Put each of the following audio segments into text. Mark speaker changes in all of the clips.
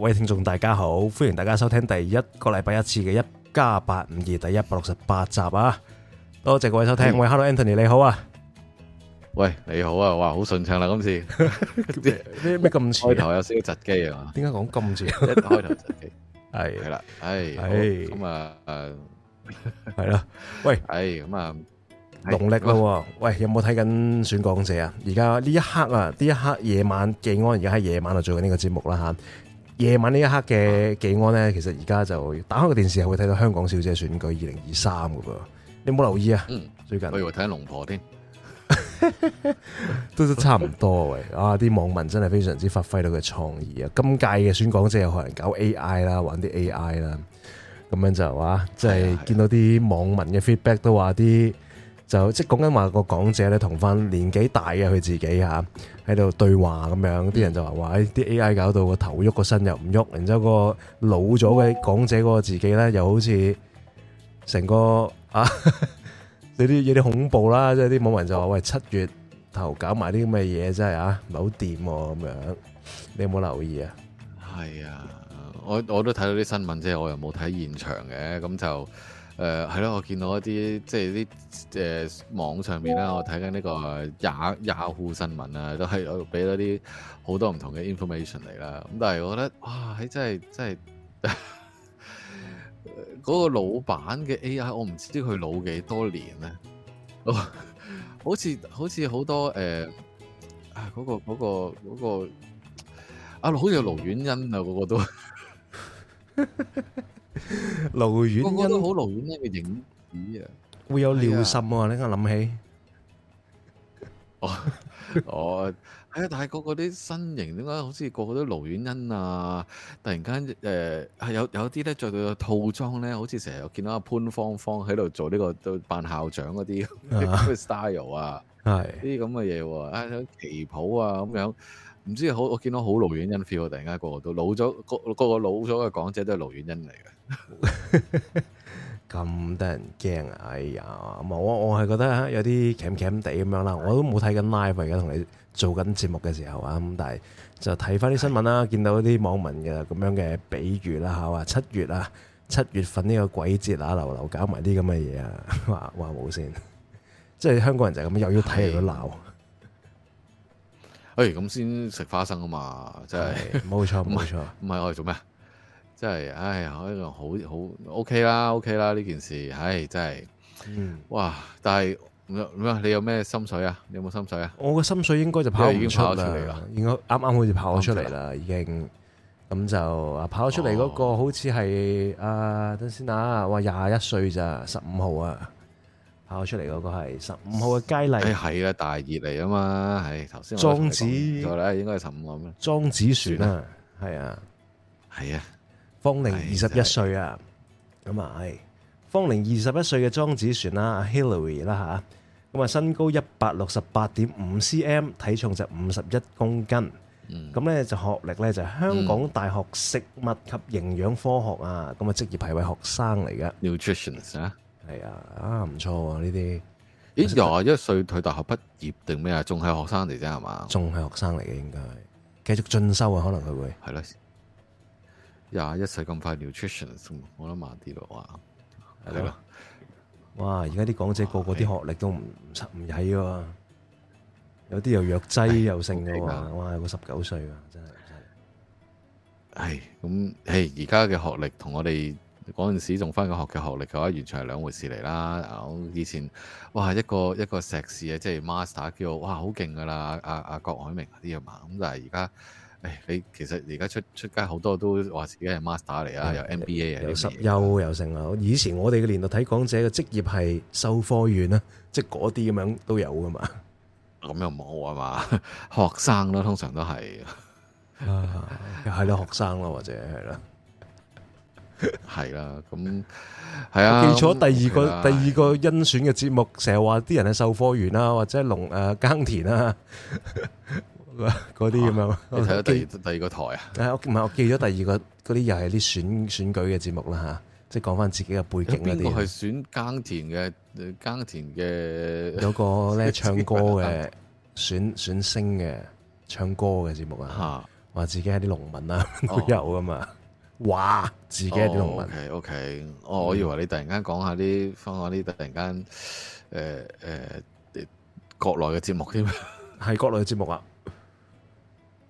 Speaker 1: 各位聽眾，大家好，歡迎大家收聽第一個禮拜一次嘅一加八五二第一百六十八集啊！多謝各位收聽。喂，Hello
Speaker 2: Anthony，你好啊，喂，你好啊，哇，好順暢啦，今次咩咩咁遲，開頭有少少窒機啊？點解講咁遲一開頭窒機係係啦，哎哎咁啊，係咯，喂，哎咁啊，農曆啦，
Speaker 1: 喂，有冇睇緊選港姐啊？而家呢一刻啊，呢一刻夜晚，敬安而家喺夜晚度做緊呢個節目啦，吓。夜晚呢一刻嘅紀安呢，其實而家就打開個電視，係會睇到香港小姐選舉二零二三㗎噃，你冇留意啊？嗯，最近
Speaker 2: 我以為睇下龍婆添，
Speaker 1: 都 都差唔多喂 啊，啲網民真係非常之發揮到佢嘅創意啊！今屆嘅選港姐又學人搞 AI 啦，玩啲 AI 啦，咁樣就話即係見到啲網民嘅 feedback 都話啲。就即係講緊話個港姐咧同翻年紀大嘅佢自己吓喺度對話咁樣，啲人就話話啲 AI 搞到個頭喐個身又唔喐，然之後個老咗嘅港姐嗰個自己咧又好似成個啊你啲 有啲恐怖啦，即係啲網民就話喂七月頭搞埋啲咁嘅嘢，真係啊，唔係好掂咁樣，你
Speaker 2: 有冇留意啊？係啊，我我都睇到啲新聞啫，我又冇睇現場嘅，咁就。誒係咯，我見到一啲即係啲、呃、網上面啦，我睇緊呢個雅虎新聞啊，都係我俾咗啲好多唔同嘅 information 嚟啦。咁但係我覺得哇，欸、真係真係嗰 個老闆嘅 AI，我唔知佢老幾多年咧。 好似好似好多誒啊嗰個嗰、嗰個嗰、嗰個啊，好似盧遠欣啊，個、嗰個都。 盧宛茵，個個都好盧宛茵嘅影子啊！
Speaker 1: 會有尿浸啊。你啱諗起。
Speaker 2: 哦係啊，但係個個啲身形點解好似個個都盧宛茵啊？突然間誒，係、呃、有有啲咧着到個套裝咧，好似成日又見到阿潘芳芳喺度做呢、這個都扮校長嗰啲 style 啊，係呢啲咁嘅嘢啊，旗、啊啊啊、袍啊咁樣。唔知好，我見到好勞遠因。feel，突然間個個都老咗，個個老咗嘅港姐都係勞遠欣嚟嘅，咁 得 人驚啊！哎呀，我
Speaker 1: 我係覺得有啲慚慚地咁樣啦，我都冇睇緊 live，而家同你做緊節目嘅時候啊，咁但係就睇翻啲新聞啦，見到啲網民嘅咁樣嘅比喻啦嚇話七月啊，七月份呢個鬼節啊，流流搞埋啲咁嘅嘢啊，話話冇先，即係 香港人就係咁，又要睇又要鬧。
Speaker 2: 誒、哎，咁先食花生啊嘛，真係冇錯冇錯，唔係 我哋做咩？真係，唉，我呢個好好 OK 啦，OK 啦，呢、OK、件事，唉，真係、嗯，哇！但係你有咩心水啊？你有冇心水啊？
Speaker 1: 我個心水應該就跑唔出啦，應該啱啱好似跑咗出嚟啦，okay. 已經，咁就啊，跑咗出嚟嗰個好似係、oh. 啊，等陣先啊，哇，廿一歲咋，十五號啊！跑出嚟嗰個係十五號嘅佳麗，係啊大熱
Speaker 2: 嚟啊嘛，係頭先莊子，應
Speaker 1: 該係十五號咩？莊子璇啊，係啊，係啊，芳齡二十一歲啊，咁、哎就是、啊，係芳齡二十一歲嘅莊子璇啦，Hillary 啦、啊、吓，咁啊身高一百六十八點五 cm，體重就五十一公斤，咁咧就學歷咧就係香港大學食物及營養科學啊，咁、嗯、啊職業
Speaker 2: 係一位學生嚟嘅。係啊，啊唔錯喎呢啲。咦呀，廿一歲佢大學畢業定咩啊？仲係學生嚟啫係嘛？仲係學生嚟嘅應該，繼續進修啊，可能佢會係咯。廿一歲咁快 nutrition，我諗慢啲咯。哇，呢個、啊啊、哇，而家啲港姐個個啲學歷都唔唔
Speaker 1: 差唔矮有啲、哎、又藥劑又剩嘅喎。哇，有個十九歲啊，真係真係。
Speaker 2: 係咁，誒，而家嘅學歷同我哋。嗰陣時仲翻緊學嘅學歷嘅話，完全係兩回事嚟啦。以前哇一個一個碩士啊，即係 master 叫哇好勁噶啦，阿阿郭海明啲嘢嘛。咁但係而家誒你其實而家出出街好多都話自己係 master 嚟啊、嗯，又 MBA 啊，又
Speaker 1: 休又成啊。以前我哋嘅年度睇港姐嘅職業係修科員啊，即係嗰啲咁樣都有噶嘛。咁又冇啊嘛，學生咯，通常都係又係咯學生咯， 或者係咯。係啦，咁
Speaker 2: 係啊。啊我記咗第二個、啊、第二
Speaker 1: 個甄選嘅節目，成日話啲人係售貨員啊，或者農誒、呃、耕田啊，嗰啲咁樣。你睇到第二第二個台啊？唔係，我記咗第二個嗰啲又係啲選選舉嘅節目啦吓，即係講翻自己嘅背景啲。邊個係
Speaker 2: 選耕田嘅？耕田嘅有、嗰個咧唱歌嘅
Speaker 1: 選選星嘅唱歌嘅節目啊？吓，
Speaker 2: 話自己係啲農民啊，都、哦、 有噶嘛？嘩，自己係動物？O K O K，我我以為你突然間講下啲翻下啲突然間誒誒國內嘅節目添，係 國內嘅節目啊？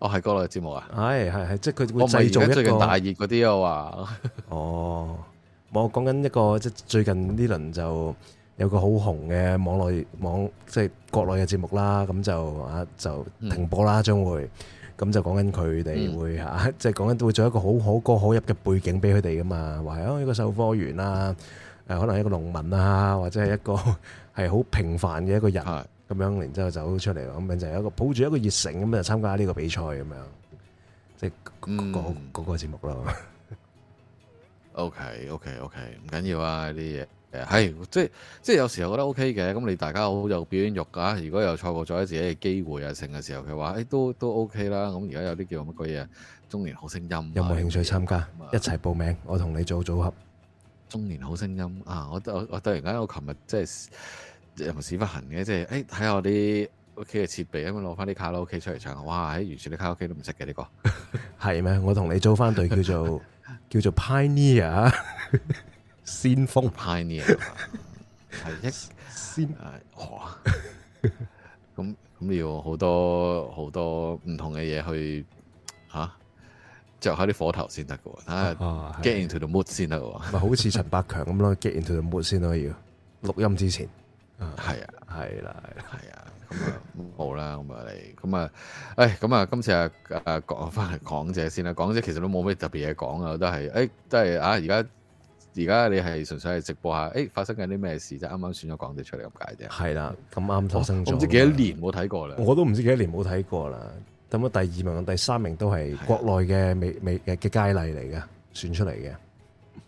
Speaker 2: 哦，係國內嘅節目
Speaker 1: 啊？係係係，即係佢會製造一個最近大
Speaker 2: 熱嗰啲啊？話
Speaker 1: 哦，我講緊一個即係最近呢輪就有個好紅嘅網絡網即係國內嘅節目啦，咁就啊就停播啦，將、嗯、會。咁就講緊佢哋會嚇，即係講緊會做一個好可歌可泣嘅背景俾佢哋噶嘛，話係哦一個售貨員啊，誒可能一個農民啊，或者係一個係好平凡嘅一個人咁、嗯、樣，然之後走出嚟咁樣就係一個抱住一個熱誠咁就參加呢個比賽咁樣，
Speaker 2: 即係嗰嗰個節目啦。OK OK OK，唔緊要啊呢啲嘢。誒係，即係即係有時候覺得 O K 嘅，咁你大家好有表演欲噶，如果又錯過咗自己嘅機會啊，剩嘅時候嘅話誒都都 O K 啦。咁而家有啲叫乜鬼嘢中年好聲音，有冇興趣參加？一齊報名，我同你組組合。中年好聲音啊！我我突然間我琴日即係有冇屎忽痕嘅？即係誒睇下我啲屋企嘅設備，咁樣攞翻啲卡拉 OK 出嚟唱，哇！喺完全啲卡拉 OK 都唔識嘅呢個
Speaker 1: 係咩？我同你組翻隊叫做 叫做 Pioneer。
Speaker 2: 先鋒派嘅，係 先笑、啊啊、一先，咁咁要好多好多唔同嘅嘢去吓，着下啲火頭先得嘅喎，啊,啊，Get into the mood 先得喎，咪好
Speaker 1: 似陳百強咁咯，Get into the mood 先可以錄音之前，啊， 係啊，
Speaker 2: 係啦，係啊，咁、嗯、啊，好啦，咁啊你，咁、嗯、啊，哎，咁、嗯、啊、哎嗯，今次啊，啊，講翻嚟講啫先啦，講啫，講講其實都冇咩特別嘢講啊，都係，哎，都係啊，而家。而家你係純粹係直播下，誒發生緊啲咩事啫？啱啱選咗港姐出嚟咁解啫。係啦的，咁啱發生咗，唔、啊、知幾多年冇睇過
Speaker 1: 啦。 我都唔知幾多年冇睇過啦。咁啊，第二名同第三名都係國內嘅美美嘅嘅佳麗嚟嘅選出嚟嘅、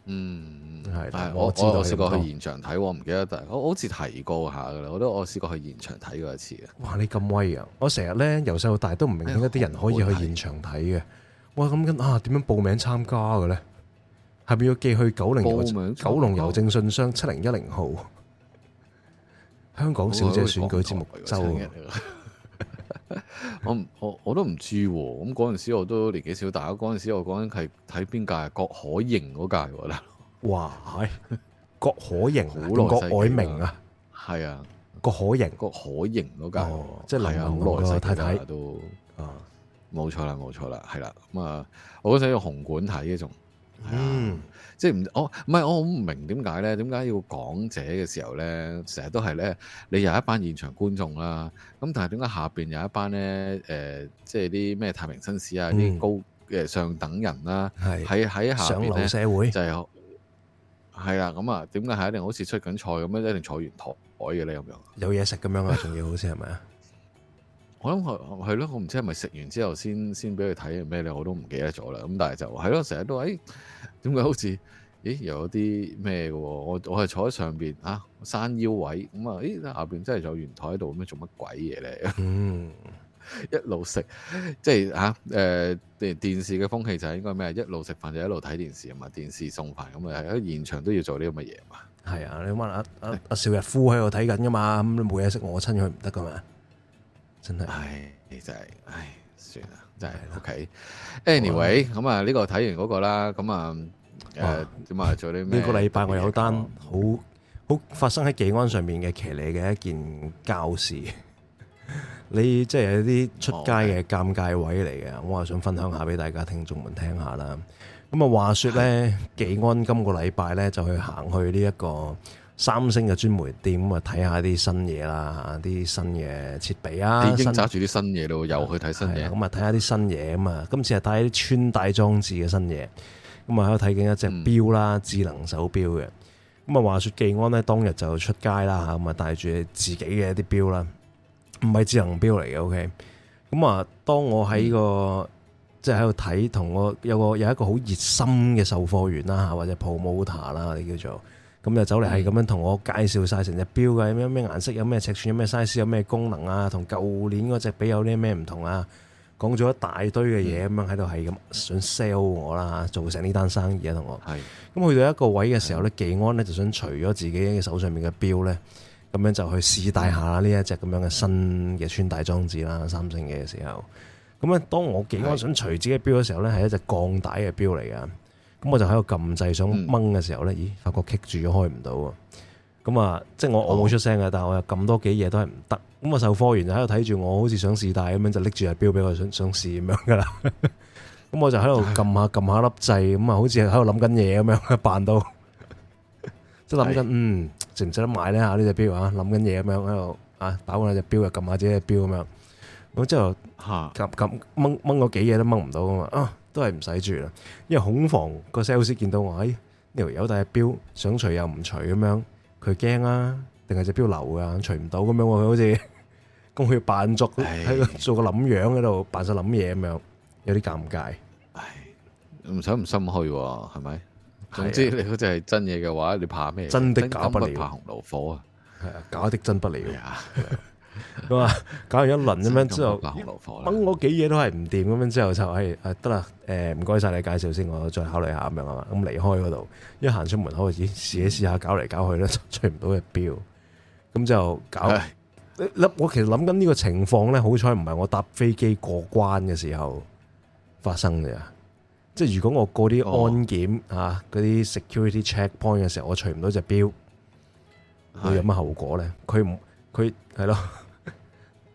Speaker 1: 嗯。嗯，係的。我知道試過去現
Speaker 2: 場睇、嗯，我唔記得，但我，我好似提過下噶啦。我都我試過去現場睇過一次嘅。
Speaker 1: 哇，你咁威啊！我成日咧由細到大都唔明點解啲人可以去現場睇嘅。我咁緊啊，點樣報名參加嘅咧？嗯嗯係咪要寄去九零郵九龍郵政信箱七零一零號？香港小姐選舉節目周啊！
Speaker 2: 我我我都唔知喎。咁嗰陣時我都年紀小，大家嗰陣時我講緊係睇邊屆？郭可盈嗰屆喎啦。哇！係郭可盈好耐。郭藹明啊，係啊，郭可盈郭可盈嗰屆，即係能夠細睇睇都啊，冇錯啦，冇錯啦，係啦。咁啊，我都想用紅館睇嘅仲。是啊，嗯，即係唔我唔係我好唔明點解咧？點解要講者嘅時候咧，成日都係咧，你有一班現場觀眾啦，啊，咁但係點解下邊有一班咧？誒、呃，即係啲咩太平紳士啊，啲、嗯、高嘅上等人啦，啊，係喺喺下上社會咧，就係可係啊？咁啊，點解係一定好似出緊菜咁樣，一定坐完台台嘅咧咁樣？有嘢食咁樣啊？仲要好似係咪啊？ 是我諗係係咯，我唔知係咪食完之後先先俾佢睇係咩咧，我都唔記得咗啦。咁但係就係咯，成日都誒點解好似咦又有啲咩嘅？我我係坐喺上邊啊山腰位咁啊，誒、欸、下邊真係有圓台喺度咁樣做乜鬼嘢咧？一路食即係嚇誒電電視嘅風氣就係應該咩？一路食飯就一路睇電視啊嘛，電視送飯咁咪係喺現場都要做呢啲乜嘢嘛？
Speaker 1: 係啊，你問阿阿阿邵逸夫喺度睇緊㗎嘛？咁你冇嘢食餓親佢唔得㗎嘛？
Speaker 2: 真係，唉，你真係，唉，算啦，真係，OK，Anyway，咁啊，呢個睇完嗰個啦，咁啊，誒、啊，點啊做啲咩？呢個禮
Speaker 1: 拜我有單，好好發生喺紀安上面嘅騎呢嘅一件交事， 你即係有啲出街嘅尷尬位嚟嘅，哦，我啊想分享下俾大家聽眾們聽下啦。咁啊，話説咧，紀安今個禮拜咧就去行去呢一個。三星嘅專門店啊，睇下啲新嘢啦，啲新嘅設備啊，揸住
Speaker 2: 啲新嘢咯，又去睇新嘢。咁
Speaker 1: 啊，睇下啲新嘢咁嘛？今次係帶一啲穿戴裝置嘅新嘢。咁啊，喺度睇緊一隻錶啦，嗯，智能手錶嘅。咁啊，話説技安呢當日就出街啦嚇，咁啊帶住自己嘅一啲錶啦，唔係智能錶嚟嘅。O K。咁啊，當我喺、個、嗯，即係喺度睇，同我有個有一個好熱心嘅售貨員啦嚇，或者 promoter 啦，啲叫做。咁就走嚟，係咁樣同我介紹晒成隻表嘅，有咩咩顏色，有咩尺寸，有咩 size，有咩功能啊，同舊年嗰隻比有啲咩唔同啊？講咗一大堆嘅嘢，咁樣喺度係咁想 sell 我啦，做成呢單生意啊，同我。係。咁去到一個位嘅時候呢，技安呢就想除咗自己嘅手上面嘅表呢。咁樣就去試戴下呢一隻咁樣嘅新嘅穿戴裝置啦，三星嘅時候。咁咧，當我技安想除自己嘅表嘅時候呢，係一隻鋼帶嘅表嚟㗎。咁我就喺度撳掣，想掹嘅時候咧，咦？發覺棘住咗，開唔到啊！咁啊，即係我我冇出聲嘅、哦，但係我又撳多幾嘢都係唔得。咁我售貨員就喺度睇住我，好似想試戴咁樣，就拎住隻錶俾我，想想試咁樣噶啦。咁 我就喺度撳下撳下粒掣，咁啊，好似喺度諗緊嘢咁樣，佢扮到即係諗緊，嗯，值唔值得買咧？嚇呢隻錶啊！諗緊嘢咁樣喺度啊，打過兩隻錶又撳下自己隻錶咁樣。咁之後撳撳掹掹嗰幾嘢都掹唔到啊嘛！都係唔使住啦，因為恐房個 sales 見到我、這個啊，哎呢條友戴隻錶，想除又唔除咁樣，佢驚啊，定係隻錶流啊？除唔到咁樣，佢好似咁佢扮足，喺度做個諗樣喺度扮晒諗嘢咁樣，
Speaker 2: 有啲尷尬，唔想唔心虛係咪？總之你嗰隻係真嘢嘅話，你怕咩？真的假不了，不怕紅爐火啊，啊，假的真不了啊。哎
Speaker 1: 咁啊，搞完一輪咁樣之後，等、就是、我幾嘢都係唔掂咁樣之後就係誒得啦，誒唔該晒你介紹先，我再考慮下咁樣啊，咁離、嗯、開嗰度，一行出門口就咦，自己試下搞嚟搞去咧，除唔到隻表，咁就搞、欸，我其實諗緊呢個情況咧，好彩唔係我搭飛機過關嘅時候發生嘅，即係如果我過啲安檢吓，嗰、哦、啲、啊、security checkpoint 嘅時候，我除唔到隻表，會有乜後果咧？佢唔佢係咯？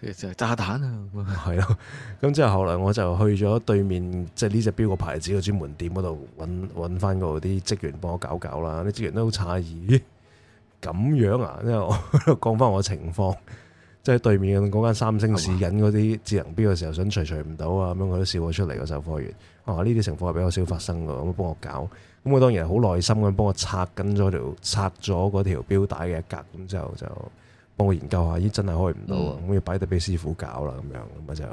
Speaker 1: 就係炸彈啊！係 咯，咁之後後來我就去咗對面，即係呢隻錶個牌子嘅專門店嗰度，揾揾翻啲職員幫我搞搞啦。啲職員都好詫異，咁樣啊！因 為我講翻我嘅情況，即係對面嗰間三星試緊嗰啲智能錶嘅時候，想除除唔到啊，咁佢都笑我出嚟個售貨員。啊，呢啲情況係比較少發生噶，咁幫我搞。咁我當然係好耐心咁幫我拆緊咗條拆咗嗰條錶帶嘅格，咁就就。幫我研究下，咦，真係開唔到，啊。咁要擺得俾師傅搞啦，咁樣咁就、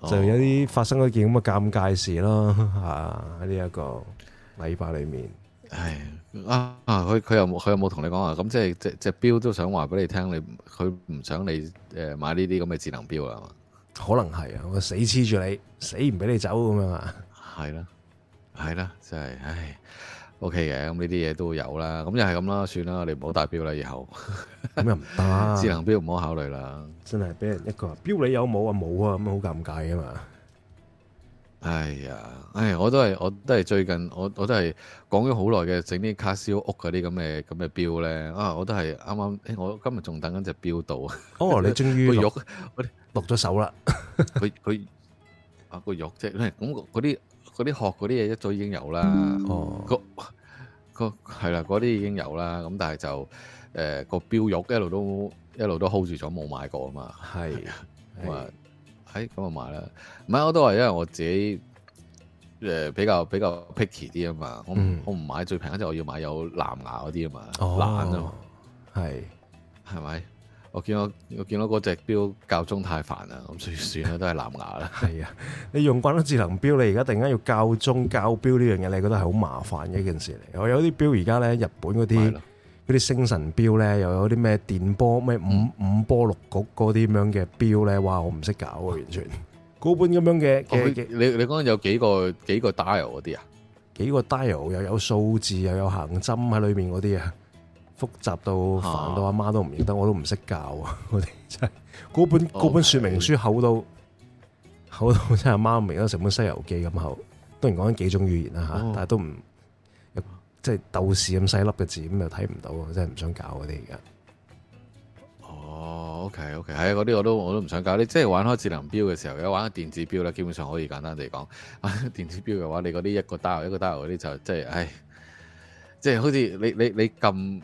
Speaker 2: 哦、就
Speaker 1: 有啲發生一件咁嘅尷尬事啦，吓喺呢一個禮
Speaker 2: 拜裏面，係啊啊，佢佢又佢又冇同你講話，咁即係即即錶都想話俾你聽，你佢唔想你誒買呢啲咁嘅智能錶啊，嘛？可能係啊，
Speaker 1: 我死黐住你，死唔俾你走咁樣啊，
Speaker 2: 係啦，係啦，真係，唉。O K 嘅，咁呢啲嘢都有啦，咁又係咁啦，算啦，你唔好戴錶啦，以後咁又唔得，不 智能錶唔好考慮啦，真係俾人一個人錶，你有冇啊？冇啊，咁啊好尷尬噶嘛。哎呀，哎呀，我都係我都係最近我我都係講咗好耐嘅，整啲卡燒屋嗰啲咁嘅咁嘅錶咧，啊，我都係啱啱，我今日仲等緊隻錶到，哦， 你終於玉落咗手啦，佢 佢啊、嗰個玉啫，咁嗰啲。嗰個嗰個嗰啲學嗰啲嘢一早已經有啦，哦、個個係啦，嗰啲已經有啦，咁但係就誒個、呃、標玉一路都一路都 hold 住咗，冇買過啊嘛，係啊，咁啊，喺咁啊買啦，唔係我都係因為我自己誒、呃、比較比較 picky 啲啊嘛，嗯、我我唔買最平就我要買有藍牙嗰啲啊嘛，難、哦、啊，係係咪？哦。我見到我見到嗰隻錶校鐘太煩啦，咁所以算啦，都係藍牙啦。係 啊，
Speaker 1: 你用慣咗智能錶，你而家突然間要校鐘校錶呢樣嘢，你覺得係好麻煩嘅一件事嚟。我有啲錶而家咧，日本嗰啲啲星神錶咧，又有啲咩電波咩五、嗯、五波六局嗰啲咁樣嘅錶咧，哇！我唔識搞喎，完全嗰本咁樣
Speaker 2: 嘅，你你講有幾個幾個 dial 嗰啲啊？幾
Speaker 1: 個 dial 又有數字又有行針喺裏面嗰啲啊？複雜到煩到阿媽、啊、都唔認得，我都唔識教啊！嗰啲真係，嗰本嗰本說明書厚到、okay. 厚到真係阿媽未得，成本《西遊記》咁厚。當然講緊幾種語言啦吓，oh. 但係都唔即係鬥士咁細粒嘅字咁又睇唔到，真係唔想教嗰啲而
Speaker 2: 家哦，OK OK，係嗰啲我都我都唔想教。你即係玩開智能錶嘅時候，而家玩個電子錶咧，基本上可以簡單地講，電子錶嘅話，你嗰啲一個 dial 一個 dial 嗰啲就即係、就是，唉，即、就、係、是、好似你你你咁。你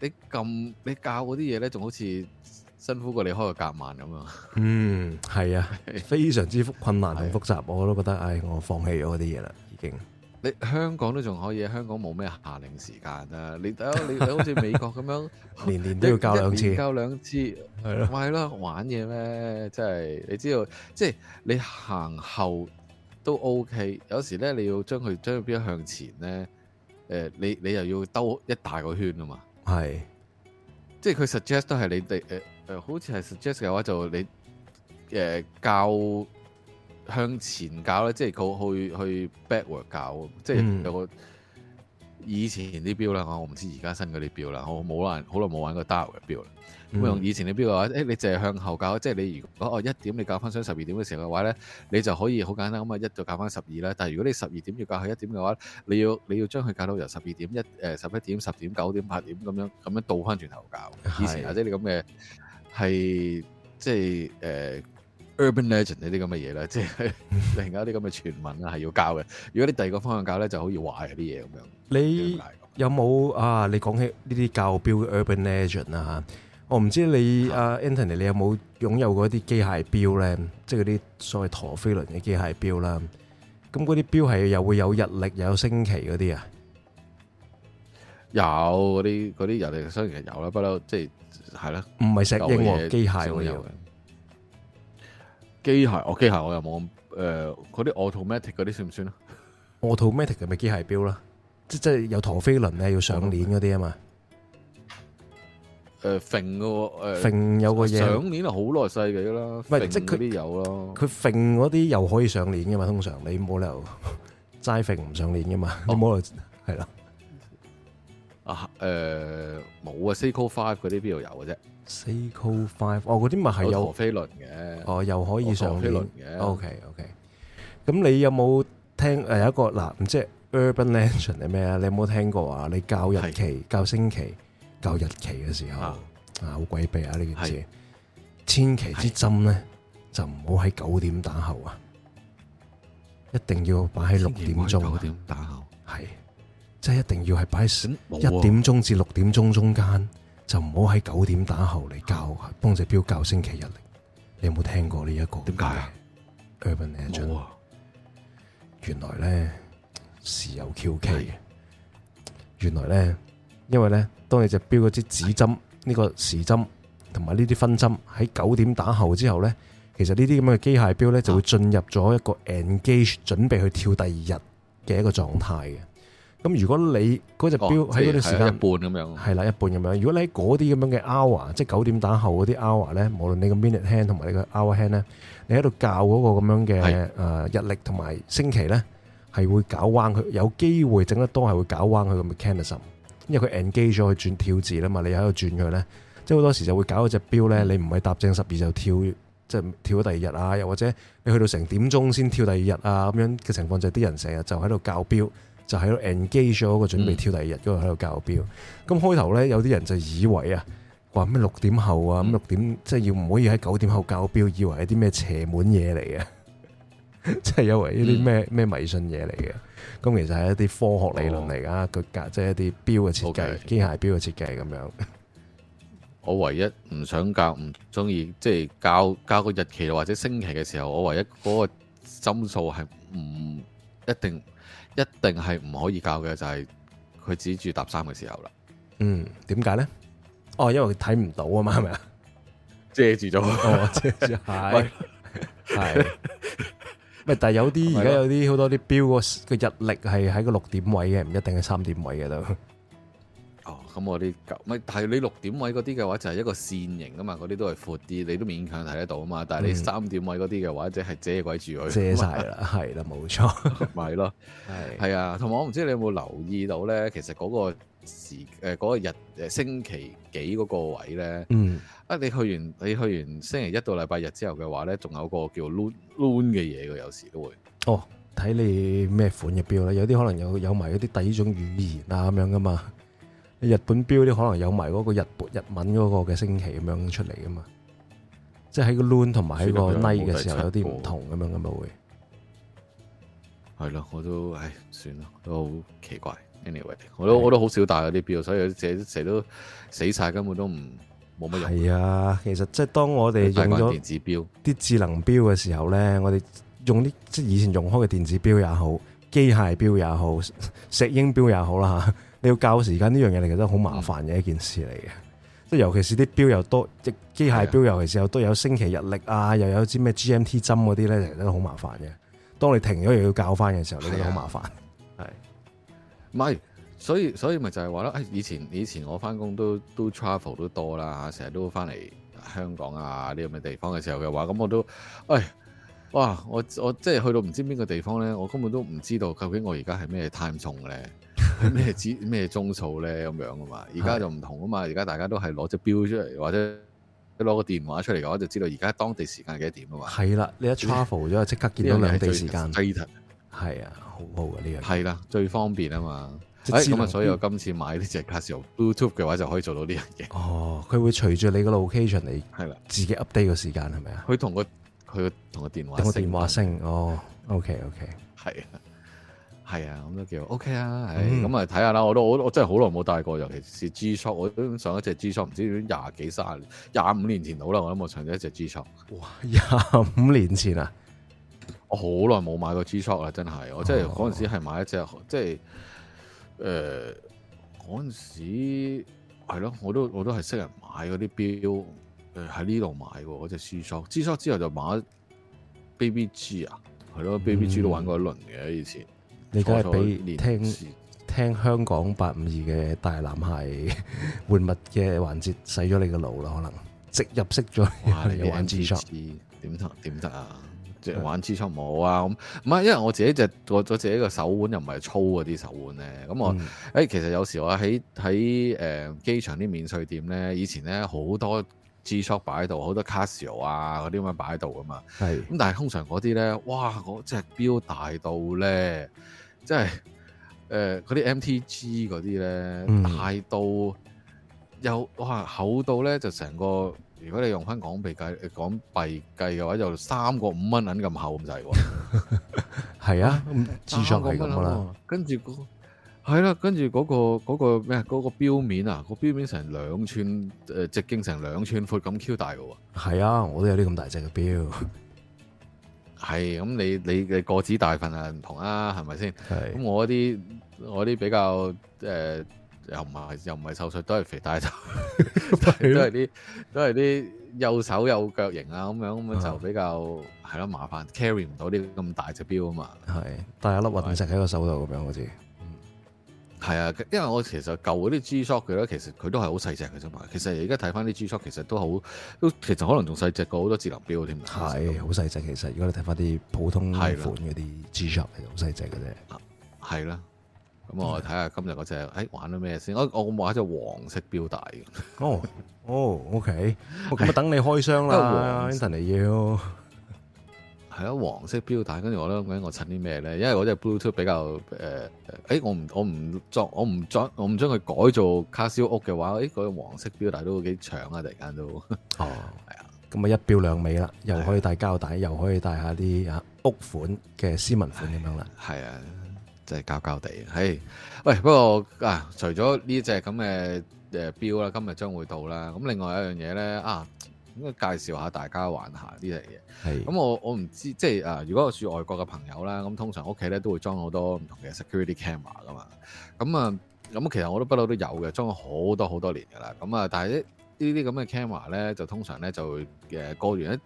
Speaker 2: 你咁你，你教嗰啲嘢咧，仲好似辛苦過你開個夾萬咁啊？嗯，係啊，非
Speaker 1: 常之複困難同複雜，啊，我都覺得唉，我放棄咗嗰啲嘢啦，已經。
Speaker 2: 你香港都仲可以，香港冇咩夏令時間啊！你你好似美國咁樣，年 年都要教兩次， 教兩次係咯，係咯，啊，玩嘢咩？真係你知道，即係你行後都 OK，有時咧你要將佢將佢邊向前咧，誒，你你又要兜一大個圈啊嘛～係，即係佢 suggest 都係你哋誒誒，好似係 suggest 嘅話就你誒較、呃、向前較咧，即係佢去去 backward 較、嗯，即係有個以前啲表啦，我唔知而家新啲表啦，我冇玩好耐冇玩過 dial 嘅表啦。咁、嗯、用以前你標嘅話，誒，你淨係向後教，即係你如果哦一點你教翻上十二點嘅時候嘅話咧，你就可以好簡單咁啊，一就教翻十二啦。但係如果你十二點要教去一點嘅話，你要你要將佢教到由十二點一誒十一點十點九點八點咁樣咁樣倒翻轉頭教。以前或、啊、者你咁嘅係即係誒、uh, urban legend 呢啲咁嘅嘢咧，即係另外一啲咁嘅傳聞啊，係要教嘅。如果你第二個方向教咧，就好易壞啲嘢咁樣。
Speaker 1: 你有冇啊？你講起呢啲教標嘅 urban legend 啊？我唔知你阿 Anthony，你有冇擁有嗰啲機械表咧？即係嗰啲所謂陀飛輪嘅機械表啦。咁嗰啲表係又會有日曆，又有星期嗰啲啊？
Speaker 2: 有嗰啲嗰啲日曆雖然有啦，不嬲即係係啦。唔係石英嘅機械，我有嘅機械，我機械我又冇誒嗰啲 automatic 嗰啲算唔算啊？automatic 係咪機械表啦？
Speaker 1: 即即係有陀飛輪咧，要上鏈嗰啲啊嘛。
Speaker 2: 誒，揈嘅喎，誒，揈有個嘢上鏈係好耐世紀啦，唔係即係佢有咯，佢
Speaker 1: 揈嗰啲又可以上鏈嘅嘛，通常你冇理由齋揈唔上鏈嘅嘛，我冇啊，係啦，
Speaker 2: 啊，誒，冇啊，Coco Five 嗰啲邊度有嘅啫
Speaker 1: ，Coco Five，哦，嗰啲咪係有陀飛輪嘅，哦，又可以上鏈嘅，OK OK，咁你有冇聽誒有一個嗱，即係 Urban Legend 係咩啊？你有冇聽過啊？你較日期，較星期。教日期嘅時候啊，好鬼秘啊！啊呢件事千祈之針咧，就唔好喺九點打後啊，一定要擺喺六點鐘、啊。九點打後係，即係、就是、一定要係擺喺一點鐘至六點鐘中間、啊，就唔好喺九點打後嚟教，幫隻表教星期日嚟，你有冇聽過呢、這、一個？點解啊？Urban Legend，原來咧是有 QK 嘅，原來咧。因為咧，當你隻錶嗰支指針呢、呢個時針同埋呢啲分針喺九點打後之後咧，其實呢啲咁嘅機械錶咧就會進入咗一個 engage 準備去跳第二日嘅一個狀態嘅。咁如果你嗰隻、那個、錶喺嗰段時間，一半咁樣係啦，一半咁樣，樣。如果你喺嗰啲咁樣嘅 hour，即係九點打後嗰啲 hour 咧，無論你個 minute hand 同埋你嘅 hour hand 咧，你喺度教嗰個咁樣嘅誒日曆同埋星期咧，係會搞彎佢，有機會整得多係會搞彎佢嘅 mechanism。因為佢 engage 咗去轉跳字啦嘛，你喺度轉佢咧，即係好多時就會搞一隻錶咧，你唔係搭正十二就跳，即係跳咗第二日啊，又或者你去到成點鐘先跳第二日啊，咁樣嘅情況就係啲人成日就喺度校錶，就喺度 engage 咗個準備、嗯、跳第二日嗰個喺度校錶。咁開頭咧，有啲人就以為啊，話咩六點後啊，咁、嗯、六點即係要唔可以喺九點後校錶，以為係啲咩邪門嘢嚟嘅，即係以為呢啲咩咩迷信嘢嚟嘅。咁其實係一啲科學理論嚟㗎，佢、oh. 隔即係一啲表嘅設計，機械表嘅設計咁樣。
Speaker 2: 我唯一唔想教、唔中意即係教教個日期或者星期嘅時候，我唯一嗰個針數係唔一定、一定係唔可以教嘅，就係、是、佢指住搭衫嘅時候啦。
Speaker 1: 嗯，點解咧？哦，因為佢睇唔到啊嘛，係咪啊？
Speaker 2: 遮住咗，係、哦、係。 是 是
Speaker 1: 但係有啲而家有啲好、就是、多啲表個個日曆係喺個六點位嘅，唔一定係三點位嘅都。
Speaker 2: 哦，咁我啲咪但係你六點位嗰啲嘅話就係一個線形，啊嘛，嗰啲都係闊啲，你都勉強睇得到啊嘛。但係你三點位嗰啲嘅話，即係遮鬼住佢，遮晒啦，係 啦，冇錯，咪係咯，係係啊。同 埋我唔知你有冇留意到咧，其實嗰、嗰個。時誒嗰、那個、日誒星期幾嗰個位咧，啊、嗯、你去完你去完星期一到禮拜日之後嘅話咧，仲有個叫 lun lun 嘅嘢嘅，有時都會。
Speaker 1: 哦，睇你咩款嘅表啦，有啲可能有有埋嗰啲第二種語言啊，咁樣噶嘛。你日本表啲可能有埋嗰個日本日文嗰個嘅星期咁樣出嚟噶嘛。即係喺個 lun 同埋喺個 night 嘅時候有啲唔同
Speaker 2: 咁樣噶咪會。係咯，我都唉算啦，都好奇怪。Anyway, 我都、啊、我都好少帶嗰啲表，所以成成都死晒，根本都唔
Speaker 1: 冇乜用。係啊，其實即係當我哋用咗電子表、啲智能表嘅時候咧，我哋用啲即係以前用開嘅電子表也好，機械表也好，石英表也好啦吓、啊，你要校時間呢樣嘢，其實都好麻煩嘅、嗯、一件事嚟嘅。即係尤其是啲表又多，即機械表，尤其是又尤其是都有星期日曆啊，又有啲咩 GMT 針嗰啲咧，其實都好麻煩嘅。當你停咗又要校翻嘅時候，你覺得好麻煩。係、
Speaker 2: 啊。唔係，所以所以咪就係話啦，誒，以前以前我翻工都都 travel 都多啦，成日都翻嚟香港啊，呢咁嘅地方嘅時候嘅話，咁我都，喂、哎，哇，我我即係去到唔知邊個地方咧，我根本都唔知道究竟我而家係咩 time zone 咧，咩時咩鐘數咧咁樣噶嘛，而家就唔同啊嘛，而 家大家都係攞隻表出嚟，或者攞個電話出嚟嘅話，我就知道而家當地時間幾多點啊嘛。
Speaker 1: 係啦，你一 travel 咗即刻見到兩地時間。
Speaker 2: 係啊，好好啊，呢樣。係啦、啊，最方便啊嘛。咁啊，哎、所以我今次買呢隻 casio bluetooth 嘅話，就可以做到呢樣嘢。哦，
Speaker 1: 佢會隨住你個 location 嚟，係啦，自己 update 個時間係咪啊？佢
Speaker 2: 同個佢同個同個電話聲。個電話
Speaker 1: 聲哦、啊、，OK OK，
Speaker 2: 係啊，係啊，咁都叫 OK 啊。咁啊，睇下啦。我都我，我真係好耐冇戴過，尤其是 G Shock，我上一隻 G Shock 唔知廿幾三廿五年前到啦。我諗我上咗一隻 G Shock。哇，廿
Speaker 1: 五年前啊！
Speaker 2: 我好耐冇買過 G-Shock 啦，真係我真係嗰時係買一隻，哦、即係誒嗰陣時係咯，我都我都係識人買嗰啲表喺呢度買過嗰隻 G-Shock。G-Shock 之後就買 Baby G 啊，係、嗯、咯，Baby G 都玩過一輪嘅以前。你都係俾你聽聽，
Speaker 1: 聽香港八五二嘅大男孩玩 物嘅環節洗咗你嘅腦啦，可能植入識咗玩
Speaker 2: G-Shock，點得點得啊！玩 G-Shock 唔好啊，咁唔係因為我自己隻我我自己個手腕又唔係粗嗰啲手腕咧，咁我誒、嗯、其實有時我喺喺誒機場啲免稅店咧，以前咧好多 G-Shock 擺喺度，好多 Casio 啊，嗰啲咁樣擺喺度噶嘛，係咁但係通常嗰啲咧，哇嗰隻錶大到咧，即係誒嗰啲 MTG 嗰啲咧大到又哇厚到咧就成個～如果你用翻港幣計，港幣計嘅話，就三個五蚊銀咁厚咁滯喎。係 是啊，三個五蚊啦。跟住個係啦，跟住嗰個嗰個咩啊？嗰、嗰個表、嗰個嗰個嗰個、面啊，個表面成兩寸，誒直徑成兩寸闊咁 Q 大嘅喎。係
Speaker 1: 啊，我都有啲咁大隻嘅表。
Speaker 2: 係 咁，你你嘅個子大份啊唔同啊，係咪先？係咁，我啲我啲比較誒。呃又唔係又唔係瘦削，都係肥大頭，就是， 都係啲都係啲右手右腳型啊咁樣咁樣就比較係咯麻煩，carry 唔到啲咁大隻表啊嘛。
Speaker 1: 戴一粒雲石喺個手度咁樣好似。嗯，
Speaker 2: 係啊，因為我其實舊嗰啲 G Shock 嘅咧，其實佢都係好細隻嘅啫嘛。其實而家睇翻啲 G Shock，其實都好都其實可能仲細隻過好多智能表添。係好細隻，其實如果你睇翻啲普通款嗰啲 G Shock 係好細隻嘅啫。係啦。咁、嗯嗯、我睇下今日嗰隻，哎玩咗咩先？我我望隻黃色表帶哦哦
Speaker 1: ，OK，咁 等你開箱啦。得黃，等你要！
Speaker 2: 咯。係啊，黃色表帶，跟住我咧諗緊我襯啲咩咧？因為我隻 Bluetooth 比較誒，誒、呃欸，我唔我唔作我唔作我唔將佢改做卡銷屋嘅話，誒嗰隻黃色表帶都幾長啊！突然間都。
Speaker 1: 哦，係 啊，咁啊一表兩尾啦，又可以戴膠帶、啊，又可以戴下啲啊屋款嘅斯文款咁樣啦。係啊。即係教教哋，係
Speaker 2: 喂。不過啊，除咗呢隻咁嘅誒錶啦，今日將會到啦。咁另外一樣嘢咧啊，咁介紹下大家玩下呢樣嘢。係。咁我我唔知，即係啊，如果我住外國嘅朋友啦，咁通常屋企咧都會裝好多唔同嘅 security camera 噶嘛。咁啊，咁其實我都不嬲都有嘅，裝咗好多好多年噶啦。咁啊，但係呢啲咁嘅 camera 咧，就通常咧就會誒、啊、過完。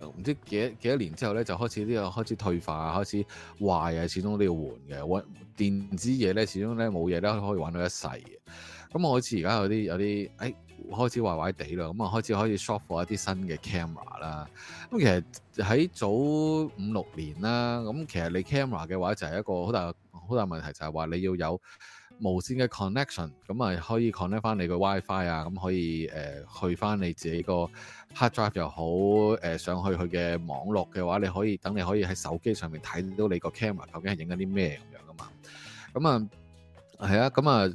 Speaker 2: 唔知幾多幾多年之後咧，就開始呢個開始退化，開始壞啊，始終都要換嘅。玩電子嘢咧，始終咧冇嘢咧可以玩到一世嘅。咁我好似而家有啲有啲，哎，開始壞壞地啦。咁啊，開始可以 shop for 一啲新嘅 camera 啦。咁其實喺早五六年啦，咁其實你 camera 嘅話就係一個好大好大問題，就係話你要有，無線嘅 connection，咁啊可以 connect 翻你個 WiFi 啊，咁可以誒、呃、去翻你自己個 hard drive 又好，誒、呃、上去佢嘅網絡嘅話，你可以等你可以喺手機上面睇到你個 camera 究竟係影緊啲咩咁樣噶嘛，咁啊係啊，咁啊。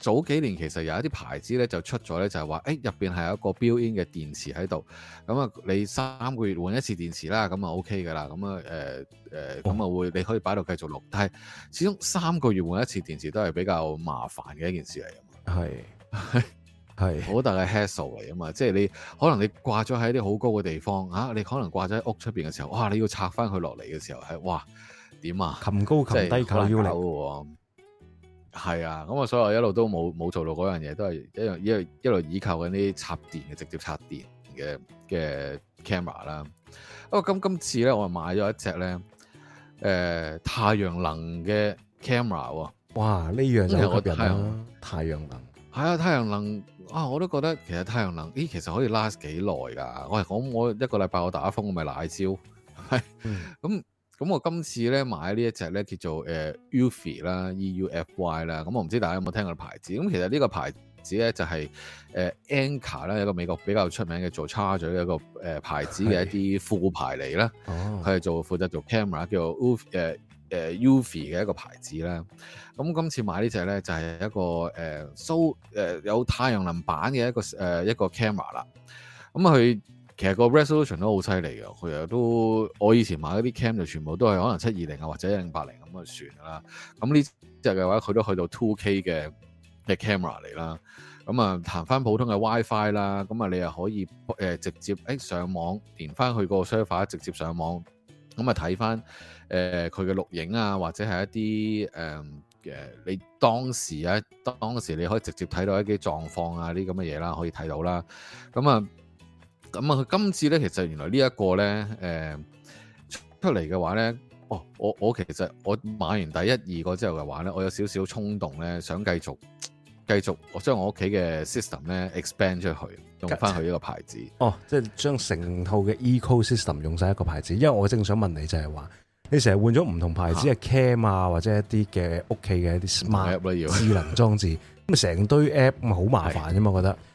Speaker 2: 早幾年其實有一啲牌子咧就出咗咧，就係話誒入邊係有一個 built-in 嘅電池喺度，咁啊你三個月換一次電池啦，咁啊 OK 嘅啦，咁啊誒誒咁啊會你可以擺到繼續錄，但係始終三個月換一次電池都係比較麻煩嘅一件事嚟嘅，係係係好大嘅 hassle 嚟啊嘛，即係你可能你掛咗喺啲好高嘅地方啊，你可能掛咗喺屋出邊嘅時候，哇你要拆翻佢落嚟嘅時候係哇點啊，擒高擒低擒腰、就是係啊，咁啊，所以我一路都冇冇做到嗰樣嘢，都係一樣，依一路依靠緊啲插電嘅直接插電嘅嘅 camera 啦。不過今今次咧，我買咗一隻咧，誒、呃、太陽能嘅 camera 喎。哇！
Speaker 1: 呢樣嘢我係太，
Speaker 2: 太陽能，係啊，太陽能啊，我都覺得其實太陽能，咦，其實可以 last 幾耐㗎。我係講我，我一個禮拜我打風，我咪瀨招。係咁。嗯嗯咁我今次咧買呢一隻咧叫做誒、呃、Eufy 啦，E U F Y 啦。咁我唔知大家有冇聽過的牌子。咁其實呢個牌子咧就係誒 Anker 啦，呃、Anker，一個美國比較出名嘅做 charger 嘅一個誒、呃、牌子嘅一啲副牌嚟啦。佢係做負責做 camera，叫做 U 誒 Eufy 嘅一個牌子啦。咁今次買了一隻呢隻咧就係、是、一個誒、呃、So 誒、呃、有太陽能板嘅一個誒、呃、一個 camera 啦。咁、嗯、佢。其實個 resolution 都好犀利㗎，佢又都我以前買嗰啲 cam 就全部都係可能七二零啊或者一零八零咁啊算啦。咁呢隻嘅話，佢都去到 two K 嘅嘅 camera 嚟啦。咁啊，彈翻普通嘅 WiFi 啦，咁啊，你又可以誒、呃、直接誒上網連翻佢個 server，直接上網咁啊睇翻誒佢嘅錄影啊，或者係一啲誒誒你當時啊，當時你可以直接睇到一啲狀況啊啲咁嘅嘢啦，可以睇到啦。咁啊～咁啊，佢今次咧，其實原來這呢一個咧，誒、呃、出嚟嘅話咧，哦，我我其實我買完第一二個之後嘅話咧，我有少少衝動咧，想繼續繼續將我將我屋企嘅 system 咧 expand 出去，用翻佢呢個牌子。
Speaker 1: 哦，即係將成套嘅 ecosystem 用晒一個牌子，因為我正想問你就係話，你成日換咗唔同牌子嘅 cam 啊，啊，或者一啲嘅屋企嘅一啲 smart 啦，智能裝置，咁成 堆 app 咁好麻煩啫嘛，我覺得。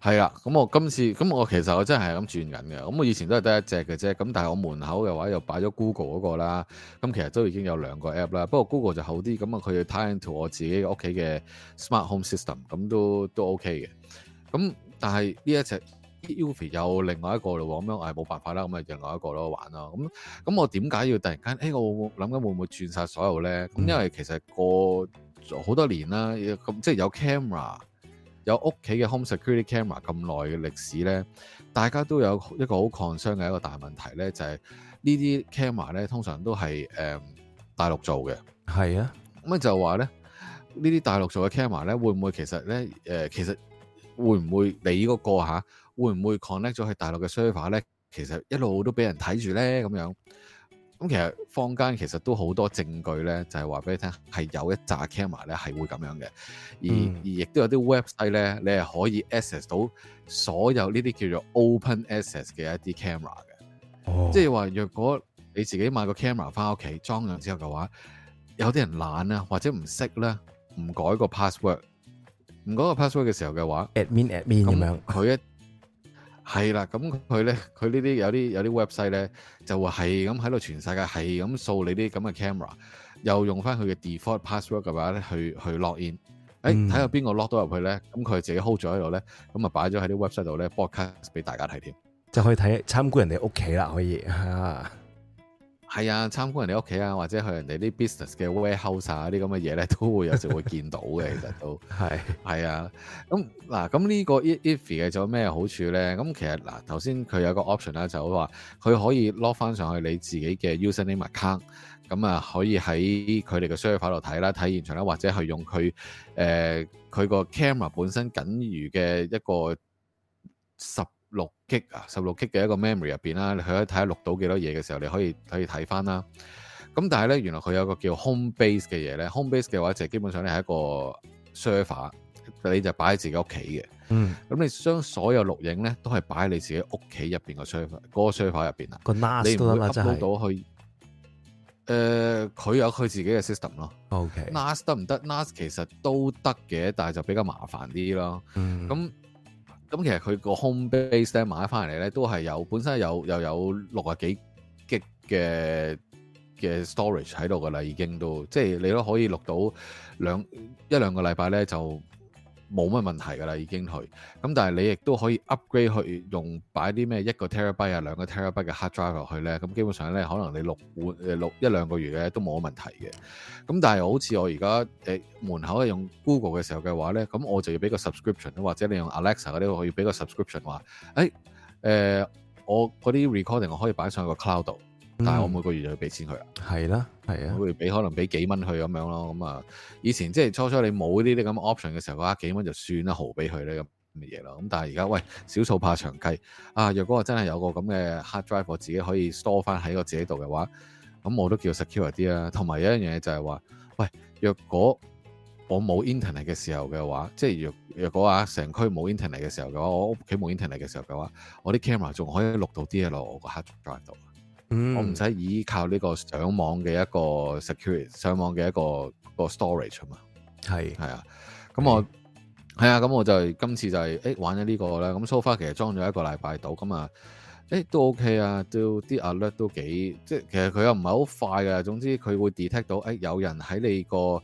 Speaker 2: 係啊，咁我今次咁我其實我真係咁轉緊嘅，咁我以前都係得一隻嘅啫，咁但係我門口嘅話又擺咗 Google 嗰、那個啦，咁其實都已經有兩個 app 啦，不過 Google 就好啲，咁啊佢要 tie into 我自己屋企嘅 smart home system，咁都都 OK 嘅，咁但係呢一隻 Eufy 有另外一個咯喎，咁我係冇辦法啦，咁啊另外一個咯玩啦，咁咁我點解要突然間，誒、哎、我諗緊會唔會轉晒所有咧？咁、嗯、因為其實過好多年啦，咁即係有 camera。有屋企嘅 home security camera 咁耐嘅歷史咧，大家都有一個好 concern 嘅一個大問題咧，就係呢啲 camera 咧，通常都係誒、呃、大陸做嘅。係啊，咁就話咧，呢啲大陸做嘅 camera 咧，會唔會其實咧誒、呃、其實會唔會你嗰、那個吓、啊、會唔會 connect 咗去大陸嘅 server 咧？其實一路都俾人睇住咧咁樣。咁其實坊間其實都好多證據咧，就係話俾你聽係有一紮 camera 咧係會咁樣嘅，而、嗯、而亦都有啲 website 咧，你係可以 access 到所有呢啲叫做 open access 嘅一啲 camera 嘅，哦，即係話若果你自己買個 camera 翻屋企裝咗之後嘅話，有啲人懶啊或者唔識咧唔改個 password，唔改個 password 嘅時候嘅話 admin admin 咁樣佢一。係啦，咁佢咧，佢呢啲有啲有啲 website 咧，就會係咁喺度全世界係咁掃你啲咁嘅 camera，又用翻佢嘅 default password 嘅話咧，去去 log in，誒睇下邊個 log 到入去咧，咁佢自己 hold 咗喺度咧，咁啊擺咗喺啲 website 度咧 broadcast 俾大家睇添，就可以睇參觀人哋屋企啦，可以嚇。係啊，參觀人哋屋企啊，或者去人哋啲 business 嘅 warehouse 啊啲咁嘅嘢咧，都會有時會見到嘅。 其實都係係啊。咁嗱，咁呢個 eufy 嘅仲有咩好處咧？咁其實嗱，頭先佢有個 option 啦，就話佢可以 lock 翻上去你自己嘅 username account。咁啊，可以喺佢哋嘅 server 度睇啦，睇現場啦，或者係用佢誒佢個 camera 本身僅餘嘅一個十六 G 啊，十六 G 嘅一個 memory 入邊啦，你去睇下錄到幾多嘢嘅時候，你可以可以睇翻啦。咁但係咧，原來佢有個叫 home base 嘅嘢咧，home base 嘅話就基本上咧係一個 server，你就擺喺自己屋企嘅。嗯。咁你將所有錄影咧都係擺喺你自己屋企入邊個 server，嗰個 server 入邊啊。個 NAS 都得啦，真係。誒、呃，佢有佢自己嘅 system 咯。O、okay. K。NAS 得唔得？NAS 其實都得嘅，但係就比較麻煩啲咯。咁、嗯。咁其實佢個 home base 咧買翻嚟咧，都係有本身有又有六十幾 G 嘅嘅 storage 喺度㗎啦，已經都即係你都可以錄到兩一兩個禮拜咧就。冇乜問題㗎啦，已經去。咁但係你亦都可以 upgrade 去用擺啲咩一個 terabyte 啊，兩個 terabyte 嘅 hard drive 落去咧。咁基本上咧，可能你錄一兩個月咧都冇乜問題嘅。咁但係好似我而家誒門口係用 Google 嘅時候嘅話咧，咁我就要俾個 subscription，或者你用 Alexa 嗰啲，我可以俾個 subscription 話、哎呃，我嗰啲 recording 我可以擺上去個 cloud 度。但係我每個月就要俾錢佢啦，係、嗯、啦，係啊，每個月俾可能俾幾蚊佢咁樣咯，咁啊，以前即係初初你冇呢啲咁 option 嘅時候，嗰幾蚊就算啦，豪俾佢呢咁嘅嘢咯。咁但係而家喂，少數怕長計啊，若果我真係有個咁嘅 hard drive，我自己可以 store 翻喺我自己度嘅話，咁我都叫 secure 啲啦。同埋有一樣嘢就係話，喂，若果我冇 internet 嘅時候嘅話，即係若若果啊，成區冇 internet 嘅時候嘅話，我屋企冇 internet 嘅時候嘅話，我啲 camera 仲可以錄到啲嘢落我個 hard drive 度。嗯、我唔使依靠呢個上網嘅一個 security，上網嘅一個一個 storage 啊嘛，係係啊，咁我係、嗯、啊，咁我就今次就係、係、誒玩咗呢個咧，咁、嗯、so far 其實裝咗一個禮拜度，咁、嗯、啊誒都 OK 啊，都啲 alert 都幾即係其實佢又唔係好快㗎。總之佢會 detect 到誒有人喺你個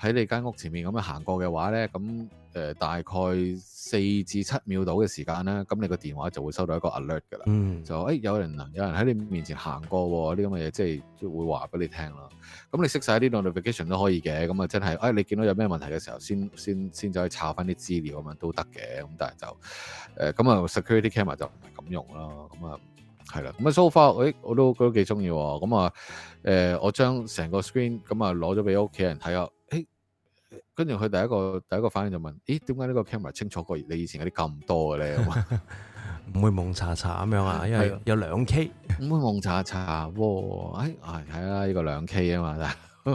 Speaker 2: 喺你間屋前面咁樣行過嘅話咧，咁、嗯。誒、呃、大概四至七秒度嘅時間咧，咁你個電話就會收到一個 alert 嘅啦。嗯，就誒、哎、有人有人喺你面前行過呢咁嘅嘢，即係會話俾你聽咯。咁你熄晒呢度 navigation 都可以嘅，咁啊真係誒、哎、你見到有咩問題嘅時候，先先先走去查翻啲資料咁樣，都得嘅。咁但係就誒咁啊 security camera 就唔係咁用咯。咁啊係啦。咁啊 so far 誒我都覺得幾中意。咁啊誒我將成、呃、個 screen 咁啊攞咗俾屋企人睇下。跟住佢第一個第一個反應就問：咦，點解呢個 camera 清楚過你以前嗰啲咁多嘅咧？唔 會蒙查查咁樣啊？因為有兩 K，唔會蒙查查喎、哦。哎，係、哎、啦，呢、這個兩 K 啊嘛，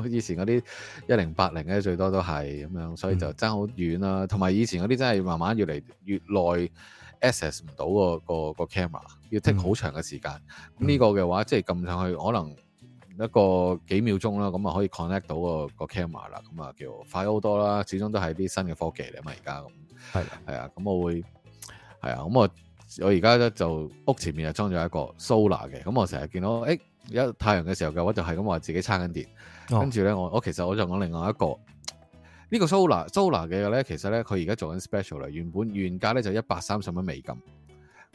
Speaker 2: 以前嗰啲一零八零咧最多都係咁樣，所以就爭好遠啦。同、嗯、埋以前嗰啲真係慢慢越嚟越耐 access 唔到、嗰個 camera，、嗯、要 take 好長嘅時間。呢、嗯、個嘅話，即係撳上去可能。一個幾秒鐘啦，咁啊可以 connect 到個個 camera 啦，咁啊叫快好多啦。始終都係啲新嘅科技嚟啊嘛，而家咁係係啊，咁我會係啊，咁我我而家咧就屋前面就裝咗一個 solar 嘅，咁我成日見到，哎、欸，一太陽嘅時候嘅話就係咁話自己撐緊電，跟住咧我我其實我就講另外一個呢、呢個 solar solar 嘅咧，其實咧佢而家做緊 special 啦，原本原價咧就一百三十蚊美金。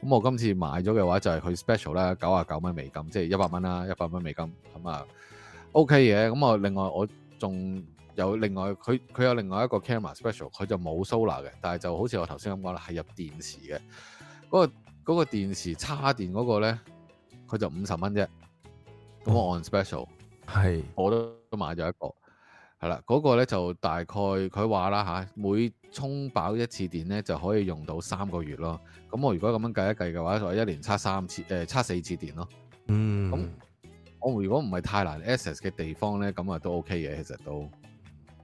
Speaker 2: 咁我今次買咗嘅話就係佢 special 啦，九十九蚊美金，即係一百蚊啦，一百蚊美金咁啊 OK 嘅。咁我另外我仲有另外佢佢有另外一個 camera special，佢就冇 solar 嘅，但係就好似我頭先咁講啦，係入電池嘅嗰個嗰個電池叉電嗰個咧，佢就五十蚊啫。咁我按 special 係我都買咗一個。係啦，嗰、那個咧就大概佢話啦吓，每充飽一次電咧就可以用到三個月咯。咁我如果咁樣計一計嘅話，就一年差三次誒，差、呃、四次電咯。嗯，咁我如果唔係太難 access 嘅地方咧，咁啊都 OK 嘅，其實都,
Speaker 1: 其實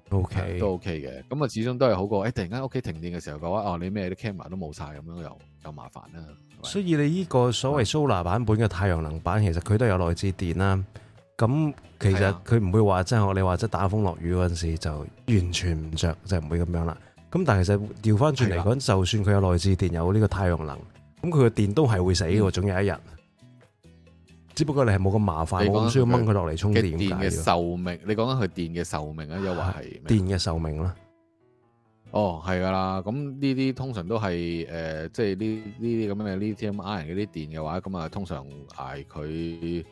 Speaker 1: 都 OK 都
Speaker 2: OK 嘅。咁啊始終都係好過誒、哎，突然間屋企停電嘅時候嘅話，哦你咩啲 camera 都冇晒，咁樣又又麻煩
Speaker 1: 啦。所以你呢個所謂 solar 版本嘅太陽能板，其實佢都有內置電啦。咁其實佢唔會話真係學你話即係打風落雨嗰陣時就完全唔着，就唔會咁樣啦。咁但係其實調翻轉嚟講，就算佢有內置電，有呢個太陽能，咁佢個電都係會死嘅，總有一日。只不過你係冇咁麻煩，冇咁需要掹佢落嚟充電。電嘅
Speaker 2: 壽命，你講緊佢電嘅壽命啊，又話係
Speaker 1: 電嘅壽命啦。
Speaker 2: 哦，係噶啦。咁呢啲通常都係誒，即係呢呢啲咁嘅 lithium ion 嗰啲電嘅話，咁啊通常挨佢。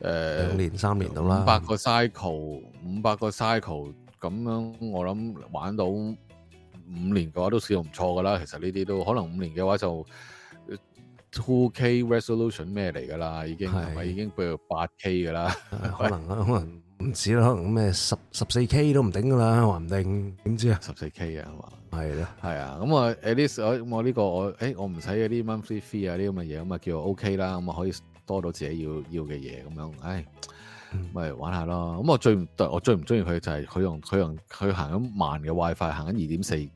Speaker 2: 誒、呃，兩年三年到啦，五百個 cycle，五百個 cycle，咁樣我諗玩到五年嘅話都算唔錯噶啦。其實呢啲都可能五年嘅話就 two K resolution 咩嚟噶啦，已經係咪已經譬如八 K 噶啦，可能
Speaker 1: 可能唔止啦，可能咩十十四 K 都唔定噶啦，話唔定點知啊十四 K 啊係嘛，
Speaker 2: 係咯係啊，咁啊，至少我呢個我誒我唔使有啲 monthly fee 啊啲咁嘅嘢，咁啊叫 OK 啦，咁啊可以。多到自己要要嘅嘢咁樣，唉，咪、嗯、玩下咯。咁、嗯、我最唔我最唔中意佢就係佢用佢用佢行緊慢嘅 WiFi，行緊二點四 G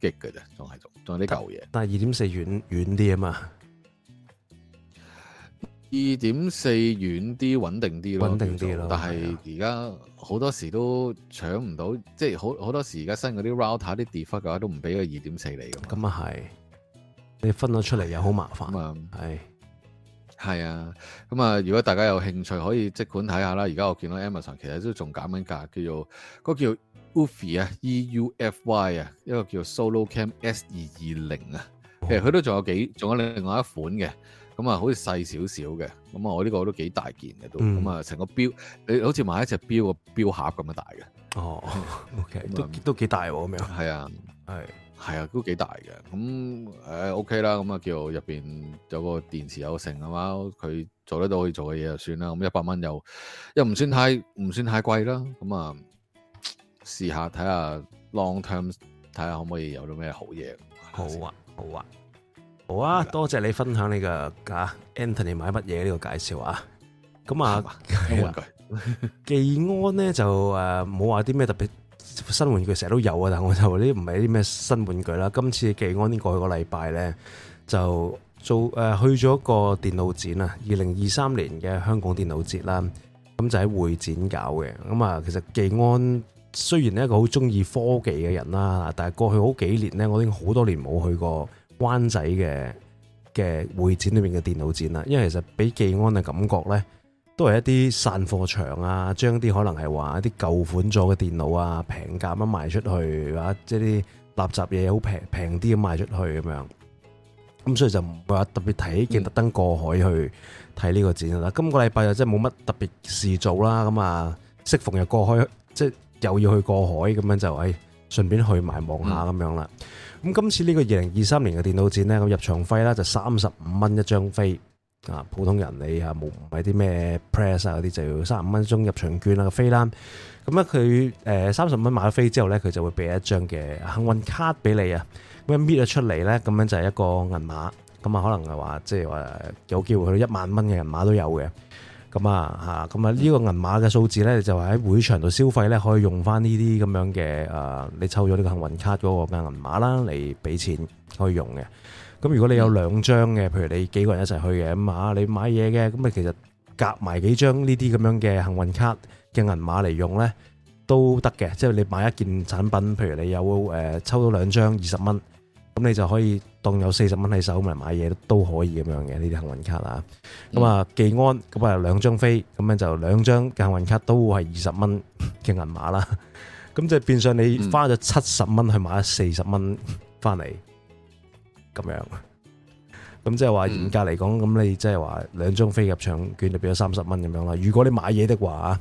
Speaker 2: 嘅啫，仲係仲仲有啲舊嘢。但係二點四遠遠啲啊嘛，二點四遠啲穩定啲咯，穩定啲咯。但係而家好多時都搶唔到，即係好好多時而家新嗰啲 router 啲 default 嘅話都唔俾個二點四嚟咁。咁啊係，
Speaker 1: 你分咗出嚟又好麻煩，係、嗯。
Speaker 2: 係啊，咁、嗯、啊，如果大家有興趣可以即管睇下啦。而家我見到 Amazon 其實都仲減緊價，叫做嗰、那個、叫 Eufy 啊，E U F Y 啊，一個叫 SoloCam S 二二零啊。其實佢都仲有幾，仲有另外一款嘅，咁、嗯、啊、哦，好似細少少嘅，咁啊，我呢個都幾大件嘅都，咁、嗯、啊，成、嗯、個錶你好似買一隻錶個錶盒咁嘅大嘅。哦，OK、嗯、都都幾大喎咁樣。係啊，係、啊。係啊，都幾大嘅，咁誒、嗯、OK 啦，咁啊叫入邊有個電池有剩啊嘛，佢做得到可以做嘅嘢就算啦，咁一百蚊又又唔算太唔算太貴啦，咁啊試下睇下 Long Term 睇下可唔可以有到咩好嘢。好啊好啊
Speaker 1: 好啊，多謝你分享呢個啊 Anthony 買乜嘢呢個介紹啊，咁啊，玩、嗯、具。寄 安咧就誒冇話啲咩特別。新玩具成日都有啊，但係我就呢啲唔係啲咩新玩具啦。今次技安呢過去個禮拜咧，就做誒去咗個電腦展啊，二零二三年嘅香港電腦節啦，咁就喺會展搞嘅。咁啊，其實技安雖然係一個好中意科技嘅人啦，但係過去好幾年咧，我已經好多年冇去過灣仔嘅嘅會展裏面嘅電腦展啦。因為其實俾技安嘅感覺咧。都係一啲散貨場啊，將啲可能係話一啲舊款咗嘅電腦啊，平價咁賣出去，啊，即係啲垃圾嘢好平平啲咁賣出去咁樣。咁所以就唔會話特別睇，見特登過海去睇呢個展啦、嗯。今個禮拜又真係冇乜特別事做啦，咁啊，適逢又過海，即係又要去過海咁樣就誒、哎，順便去埋望下咁樣啦。咁、嗯、今次呢個二零二三年嘅電腦展呢，咁入場費呢就三十五蚊一張飛。啊，普通人你嚇冇唔係啲咩 press 啊嗰啲就要三十五蚊一張入場券啦，飛啦，咁咧佢誒三十蚊買咗飛之後咧，佢就會俾一張嘅幸運卡俾你啊，咁一搣咗出嚟咧，咁樣就係一個銀碼，咁啊可能係話即係話有機會去到一萬蚊嘅銀碼都有嘅，咁啊咁啊呢、啊啊呢個銀碼嘅數字咧就喺、係、會場度消費咧可以用翻呢啲咁樣嘅、啊、你抽咗呢個幸運卡嗰個嘅銀碼啦，嚟俾錢可以用嘅。咁如果你有兩張嘅，譬如你幾個人一齊去嘅咁啊，你買嘢嘅咁啊，其實夾埋幾張呢啲咁樣嘅幸運卡嘅銀碼嚟用咧，都得嘅。即係你買一件產品，譬如你有誒、呃、抽到兩張二十蚊，咁你就可以當有四十蚊喺手嚟買嘢都可以咁樣嘅呢啲幸運卡啊。咁、嗯、啊，記安咁啊兩張飛，咁樣就兩張嘅幸運卡都係二十蚊嘅銀碼啦。咁就變相你花咗七十蚊去買四十蚊翻嚟。咁樣，咁即係話嚴格嚟講，咁、嗯、你即係話兩張飛入場券就俾咗三十蚊咁樣啦。如果你買嘢的話，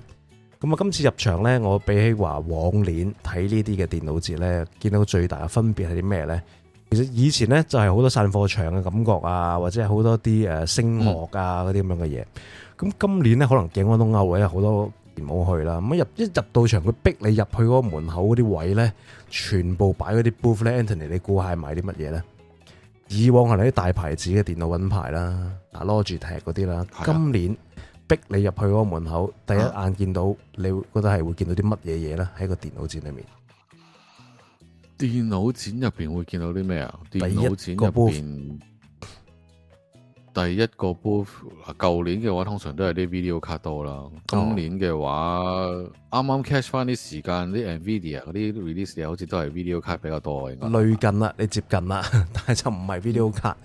Speaker 1: 咁啊，今次入場咧，我比起話往年睇呢啲嘅電腦節咧，見到最大嘅分別係啲咩咧？其實以前咧就係、是、好多散貨場嘅感覺啊，或者係好多啲誒星樂啊嗰啲咁樣嘅嘢。咁今年咧可能景安東歐有好多唔好去啦。咁入一入到場，佢逼你入去嗰個門口嗰啲位咧，全部擺嗰啲 booth 咧，Anthony，你估下買啲乜嘢咧？以往係你啲大牌子嘅電腦品牌啦，嗱 Logitech 嗰啲啦。今年逼你入去嗰個門口，啊，第一眼見到，你會覺得係會見到啲乜嘢嘢咧？喺個電腦展裏
Speaker 2: 面，電腦展入邊會見到啲咩啊？電腦展入邊。第一個 booth，舊年嘅話通常都係啲 video card 多啦，今、嗯、年嘅話啱啱 catch 翻啲時間，啲 NVIDIA 嗰啲 release 好似都係 video card 比較多，應該。類近啦，你接近啦，但係就唔係
Speaker 1: video card，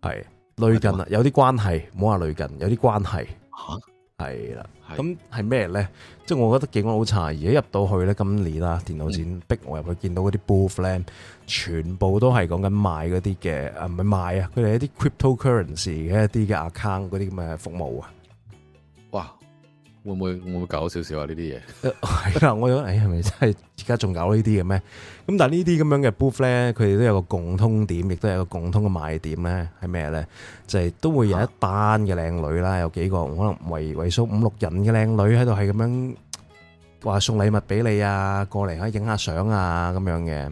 Speaker 1: 係類近啦，有啲關係，唔好話類近，有啲關係。啊。係啦，咁係咩咧？即係我覺得幾好差，而家入到去咧，今年啦，電腦展逼我入去，見到嗰啲 Booth 咧，全部都係講緊賣嗰啲嘅，唔係賣啊，佢哋一啲 cryptocurrency 嘅一啲嘅 account 嗰啲咁嘅服務啊，
Speaker 2: 哇！會唔會會唔會搞少少啊？呢啲嘢
Speaker 1: 係啦，我諗，哎，係咪真係而家仲搞呢啲嘅咩？咁但係呢啲咁樣嘅 booth 咧，佢哋都有個共通點，亦都有個共通嘅賣點咧，係咩咧？就係都會有一班嘅靚女啦，有幾個可能為為數五六人嘅靚女喺度，係咁樣話送禮物俾你啊，過嚟啊，可以影下相啊，咁樣嘅。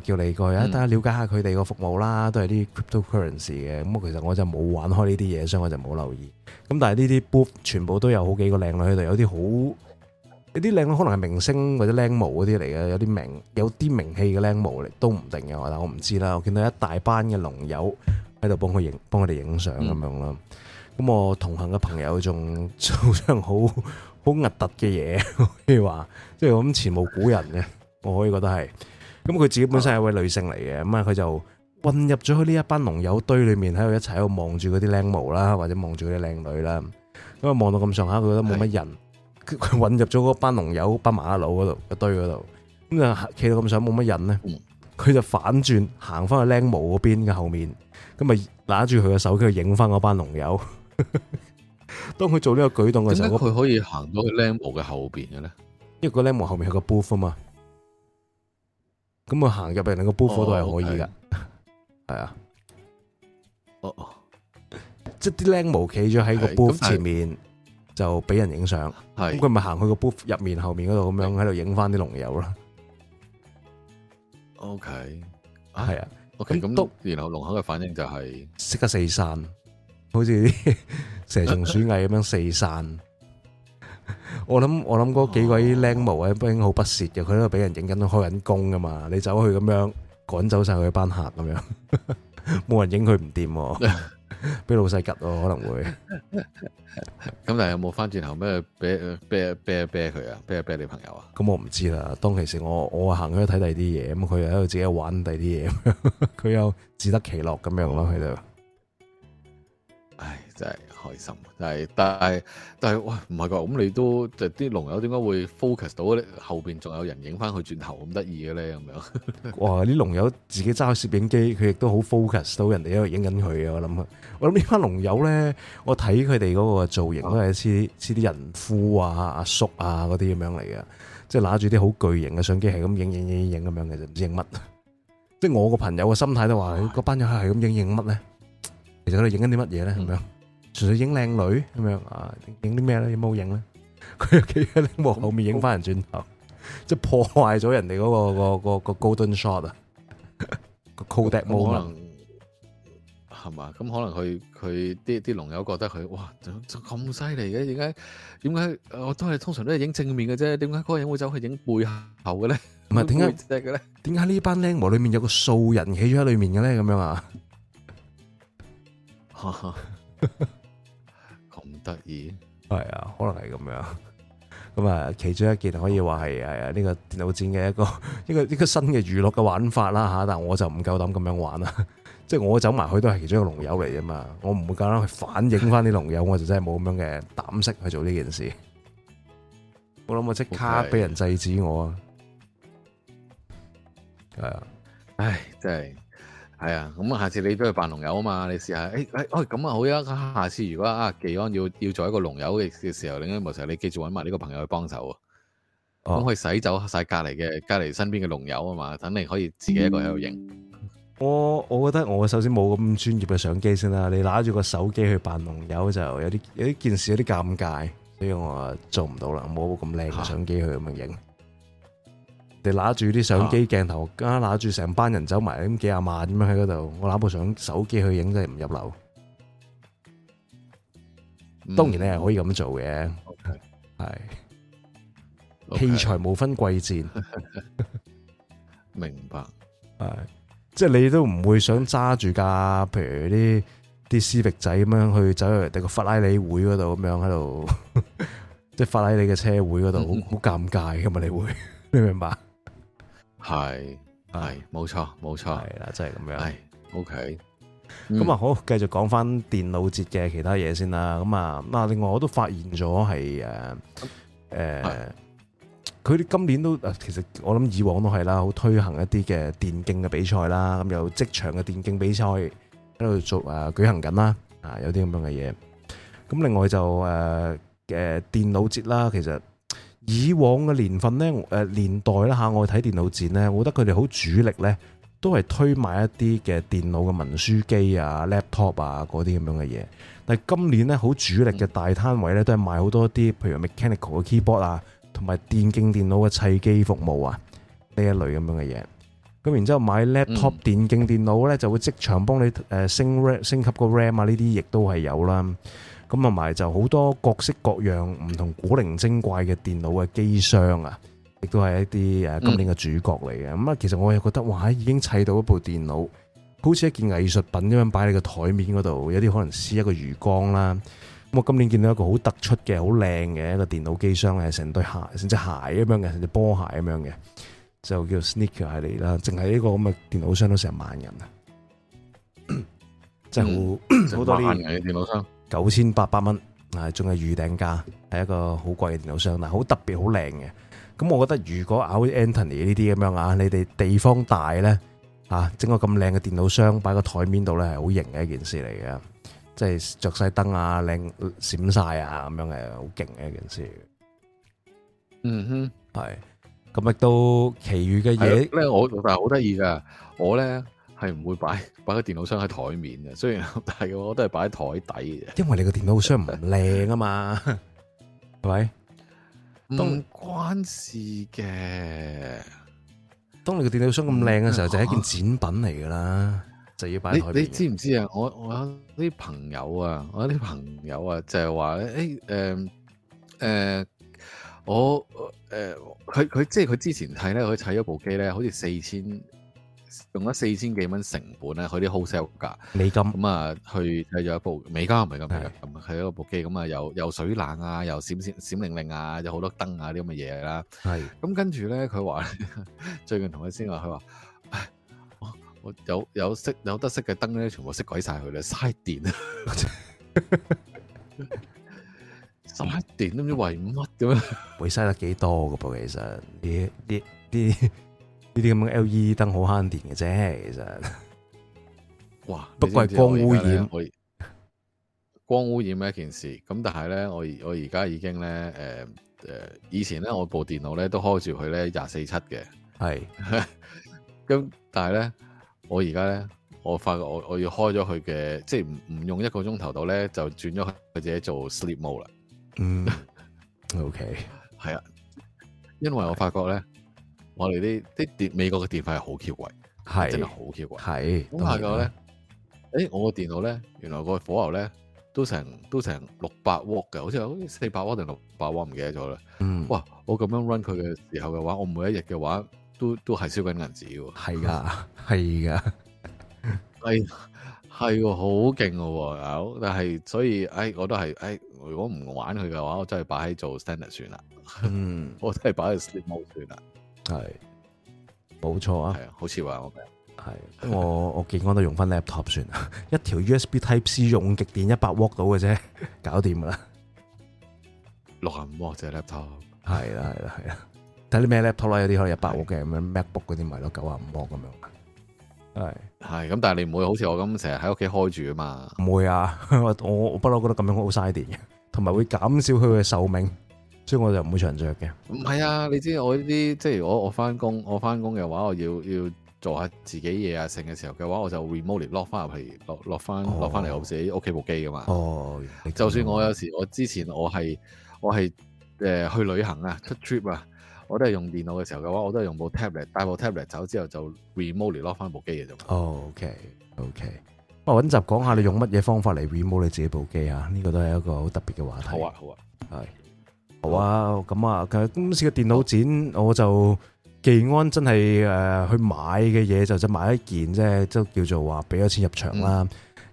Speaker 1: 叫你過去啊，大家了解下佢哋個服務啦，都係啲 cryptocurrency 嘅。咁其實我就冇玩開呢啲嘢，所以我就冇留意。咁但係呢啲 book 全部都有好幾個靚女喺度，有啲好有啲靚女可能係明星或者靚模嗰啲嚟嘅，有啲名有啲名氣嘅靚模嚟都唔定嘅。我諗我唔知啦。我見到一大班嘅龍友喺度幫我影幫我哋影相咁樣啦。咁我同行嘅朋友仲做咗好好核突嘅嘢，可以話即係咁前無古人嘅，我可以覺得係。咁佢自己本身係一位女性嚟嘅，咁啊佢就混入咗喺呢一班龍友堆裏面喺度一齊喺度望住嗰啲靚模啦，或者望住嗰啲靚女啦，咁啊望到咁上下，佢覺得冇乜人，佢混入咗嗰班龍友、班馬佬嗰度一堆嗰度，咁啊企到咁上冇乜人咧，佢、嗯、就反轉行翻去靚模嗰邊嘅後面，咁啊拉住佢嘅手機，去影翻嗰班龍友。
Speaker 2: 當佢做呢個舉動嘅時候，點解佢可以行到去靚模嘅後邊嘅咧？因、
Speaker 1: 那、為個靚模後面有個 booth 啊嘛。咁啊，行入嚟你個 booth 都係可以噶，係啊，
Speaker 2: 哦哦，
Speaker 1: 即係啲靚模企咗喺個 booth 前面，就俾人影相，咁佢咪行去個 booth 入面後面嗰度咁樣喺度影翻啲龍友
Speaker 2: 囉。OK，係啊，OK，咁然後龍口嘅反應就係識得四散，
Speaker 1: 好似啲蛇蟲鼠蟻咁樣四散。我諗我諗嗰幾位靚模啊，畢竟好不屑嘅，佢喺度俾人影緊開緊工㗎嘛，你走去咁樣趕走晒佢班客咁樣，冇人影佢唔掂，畀老細急咯，可能會。
Speaker 2: 咁但係有冇翻轉頭咩？啤啤啤啤佢啊？啤啊啤你朋友
Speaker 1: 啊？咁、嗯、我唔知啦。當其時我我行去睇第二啲嘢，咁佢又喺度自己玩第二啲嘢，佢又自得其樂
Speaker 2: 咁樣咯，佢就。唉真係。開心，就係，但係但係喂唔係噶，咁你都就啲龍友點解會 focus 到後邊仲有人影翻佢轉頭咁得意嘅咧？咁樣
Speaker 1: 哇！啲龍友自己揸開攝影機，佢亦都好 focus 到人哋喺度影緊佢嘅。我諗，我諗呢班龍友咧，我睇佢哋嗰個造型都係似似啲人夫啊、阿叔啊嗰啲咁樣嚟嘅，即係拿住啲好巨型嘅相機，係咁影影影影影咁樣嘅，就唔知影乜。即係我個朋友嘅心態都話，嗰、欸、班友係咁影影乜咧？其實佢哋影緊啲乜嘢咧？咁、嗯、樣。除咗影靚女咁樣啊，影啲咩咧？有冇影咧？佢企喺靚模後面影翻人轉頭， 即係破壞咗人哋嗰個個個個 golden shot 啊！個 co-de 那 冇可能
Speaker 2: 係嘛？咁可能佢佢啲啲龍友覺得佢哇，咁咁犀利嘅，點解點解？我都係通常都係影正面嘅啫，點解嗰個人會走去影背後嘅咧？唔係點解啫？咧
Speaker 1: 什麼？點解呢班靚模裏面有個素人企咗喺裏面嘅咧？咁樣啊？得意係啊，可能係咁樣。咁啊，其中一件可以話係誒呢個電腦展嘅一個一個一個新嘅娛樂嘅玩法啦吓。但係我就唔夠膽咁樣玩啦，即係我走埋去都係其中一個龍友嚟啊嘛。我唔會夠膽去反映翻啲龍友， 我就真係冇咁樣嘅膽識去做呢件事。我諗我即刻俾人制止我
Speaker 2: 啊！係，okay. 啊，唉，真係。係啊，咁啊，下次你都去扮龍友啊嘛，你試下，誒、哎、誒，哦、哎，咁啊好啊，下次如果啊，技安要要做一個龍友嘅嘅時候，另一個時候，你繼續搵埋呢個朋友去幫手啊，咁、哦、可以洗走晒隔離嘅隔離身邊嘅龍友啊嘛，等你可以自己一個喺度影。
Speaker 1: 我我覺得我首先冇咁專業嘅相機先啦，你拿住個手機去扮龍友就有啲有啲件事有啲尷尬，所以我，做我話做唔到啦，冇咁靚嘅相機去咁樣影。你拿住啲相機鏡頭，加拿住成班人走埋，咁幾廿萬咁樣喺嗰度。我拿部相手機去影真係唔入流，嗯。當然你係可以咁做嘅，係、okay. okay. 器材冇分貴賤。
Speaker 2: 明白，
Speaker 1: 係 是 即係你都唔會想揸住架，譬如啲啲 Civic 仔咁樣去走入人哋個法拉利會嗰度，咁樣喺度，即係法拉利嘅車會嗰度，好好尷尬噶嘛？你會，你明白？係係冇錯冇錯係啦，真係咁樣係。O K，咁啊好，繼續講翻電腦節嘅其他嘢先啦。咁啊咁啊，另外我都發現咗係誒誒，佢哋今年都誒，其實我諗以往都係啦，好推行一啲嘅電競嘅比賽啦。咁有職場嘅電競比賽喺度做誒舉行緊啦。啊，有啲咁樣嘅嘢。咁另外就誒嘅電腦節啦，其實。以往嘅年份呢，誒、呃、年代啦吓，我睇電腦展呢，我覺得佢哋好主力呢，都係推賣一啲嘅電腦嘅文書機啊、laptop 啊嗰啲咁樣嘅嘢。但係今年呢，好主力嘅大攤位呢，都係賣好多啲，譬如 mechanical 嘅 keyboard 啊，同埋電競電腦嘅砌機服務啊，呢一類咁樣嘅嘢。咁然之後買 laptop 電競電腦呢，就會即場幫你誒升 ram 升級個 ram 啊，呢啲亦都係有啦。咁同埋就好多各式各樣唔同古靈精怪嘅電腦嘅機箱啊，亦都係一啲今年嘅主角嚟嘅。咁、嗯、啊，其實我又覺得哇，已經砌到一部電腦，好似一件藝術品咁樣擺喺個台面嗰度。有啲可能似一個魚缸啦。咁我今年見到一個好突出嘅、好靚嘅一個電腦機箱，係成對鞋，成隻鞋咁樣嘅，成隻波鞋咁樣嘅，就叫 sneaker 嚟啦。淨係呢個咁嘅電腦箱都成萬人啊、嗯，真係好好多啲電腦箱。九千八百蚊啊，仲係預訂價，係一個好貴嘅電腦箱，嗱，好特別，好靚嘅。咁我覺得如果咬 Anthony 呢啲咁樣啊，你哋地方大咧啊，整個咁靚嘅電腦箱擺個台面度咧，係好型嘅一件事嚟嘅，即係着晒燈啊，靚閃晒啊，咁樣係
Speaker 2: 好勁嘅一件事。嗯哼，
Speaker 1: 係。咁亦都，其餘嘅嘢
Speaker 2: 咧，我老係好得意㗎，我咧。係唔會擺擺個電腦箱喺台面嘅，雖然係嘅，但我都係擺喺台底嘅。
Speaker 1: 因為你個電腦箱唔靚啊嘛，
Speaker 2: 係 咪？唔關事嘅。
Speaker 1: 當你個電腦箱咁靚嘅時候，就係一件展品嚟噶啦，就要擺喺台。你你知
Speaker 2: 唔知啊？我我有啲朋友啊，我有啲朋友啊，就係話咧，誒誒誒，我誒佢佢即係佢之前睇咧，佢砌咗部機咧，好似四千。用咗四千幾蚊成本咧，佢啲 wholesale 價美金咁啊，去睇咗一部美金唔係咁平嘅，咁係一部機咁啊，又有，有水冷啊，又閃閃閃靈靈啊，有好多燈啊啲咁嘅嘢啦。係咁、啊、跟住咧，佢話最近同佢先話，佢話我，我有有熄有，有得熄嘅燈咧，全、嗯 嗯、 部熄鬼晒佢啦，嘥電啊！嘥電都唔知為乜咁樣，會嘥得幾多嘅噃？其實啲啲啲。
Speaker 1: 呢啲咁嘅 LED 燈好慳電嘅啫，其實，哇！知不過係光污染，
Speaker 2: 我光污染一件事。咁但係咧，我我而家已經咧，誒誒，以前咧我部電腦咧都開住佢咧廿四七嘅，係。咁 但係咧，我而家咧，我發覺我我要開咗佢嘅，即係唔唔用一個鐘頭度咧，就轉咗佢自己做 sleep mode 啦。嗯，OK，係啊，因為我發覺咧。我哋啲啲電美國嘅電費係好翹貴，係真係好翹貴。係咁下個咧，誒我個電腦咧，原來個火牛咧都成都成六百瓦嘅，好似好似四百瓦定六百瓦唔記得咗啦。嗯，哇！我咁樣 run 佢嘅時候嘅話，我每一日嘅話都都係燒緊銀紙喎。係噶，係噶，係係喎，好勁嘅喎。但係所以，誒、哎、我都係誒、哎，如果唔玩佢嘅話，我真係擺喺做 standard 算啦。嗯，我真係擺喺 sleep mode 算啦。係，
Speaker 1: 冇錯啊，係啊，好似話我記，係我 我,我見我都用翻 lap top 算，一條 U S B Type C 用極電一百 w 到嘅啫，搞掂噶啦，
Speaker 2: 六十五 w 就係 lap top，
Speaker 1: 係啦係啦係啦，睇啲咩 lap top 啦，有啲可能一百 w 嘅
Speaker 2: MacBook 嗰啲咪攞九十五 w 咁樣，係係咁，但係你唔會好似我咁成日喺屋企開住啊嘛，
Speaker 1: 唔會啊，我我不嬲覺得咁樣好嘥電嘅，同埋會減少佢嘅壽命。所以我就唔會長着嘅。
Speaker 2: 唔係啊，你知我呢啲，即係如果我翻工，我翻工嘅話，我要要做下自己嘢啊，剩嘅時候嘅話，我就 remote lock 翻入係落落翻落翻嚟我自己屋企部機噶嘛。哦。就算我有時我之前我係我係誒、呃、去旅行啊出 trip 啊，我都係用電腦嘅時候嘅話，我都係用部 tablet 帶部 tablet 走之後就 remote lock 翻部機嘅啫。哦，OK，OK、okay, okay。
Speaker 1: 我揾集講下你用乜嘢方法嚟 remote 你自己部機啊？呢、這個都係一個好特別嘅話題。好啊，好啊，係。啊、嗯，咁啊，公司嘅電腦展，我就技安真係誒、呃、去買嘅嘢就就買一件啫，都叫做話俾咗錢入場啦。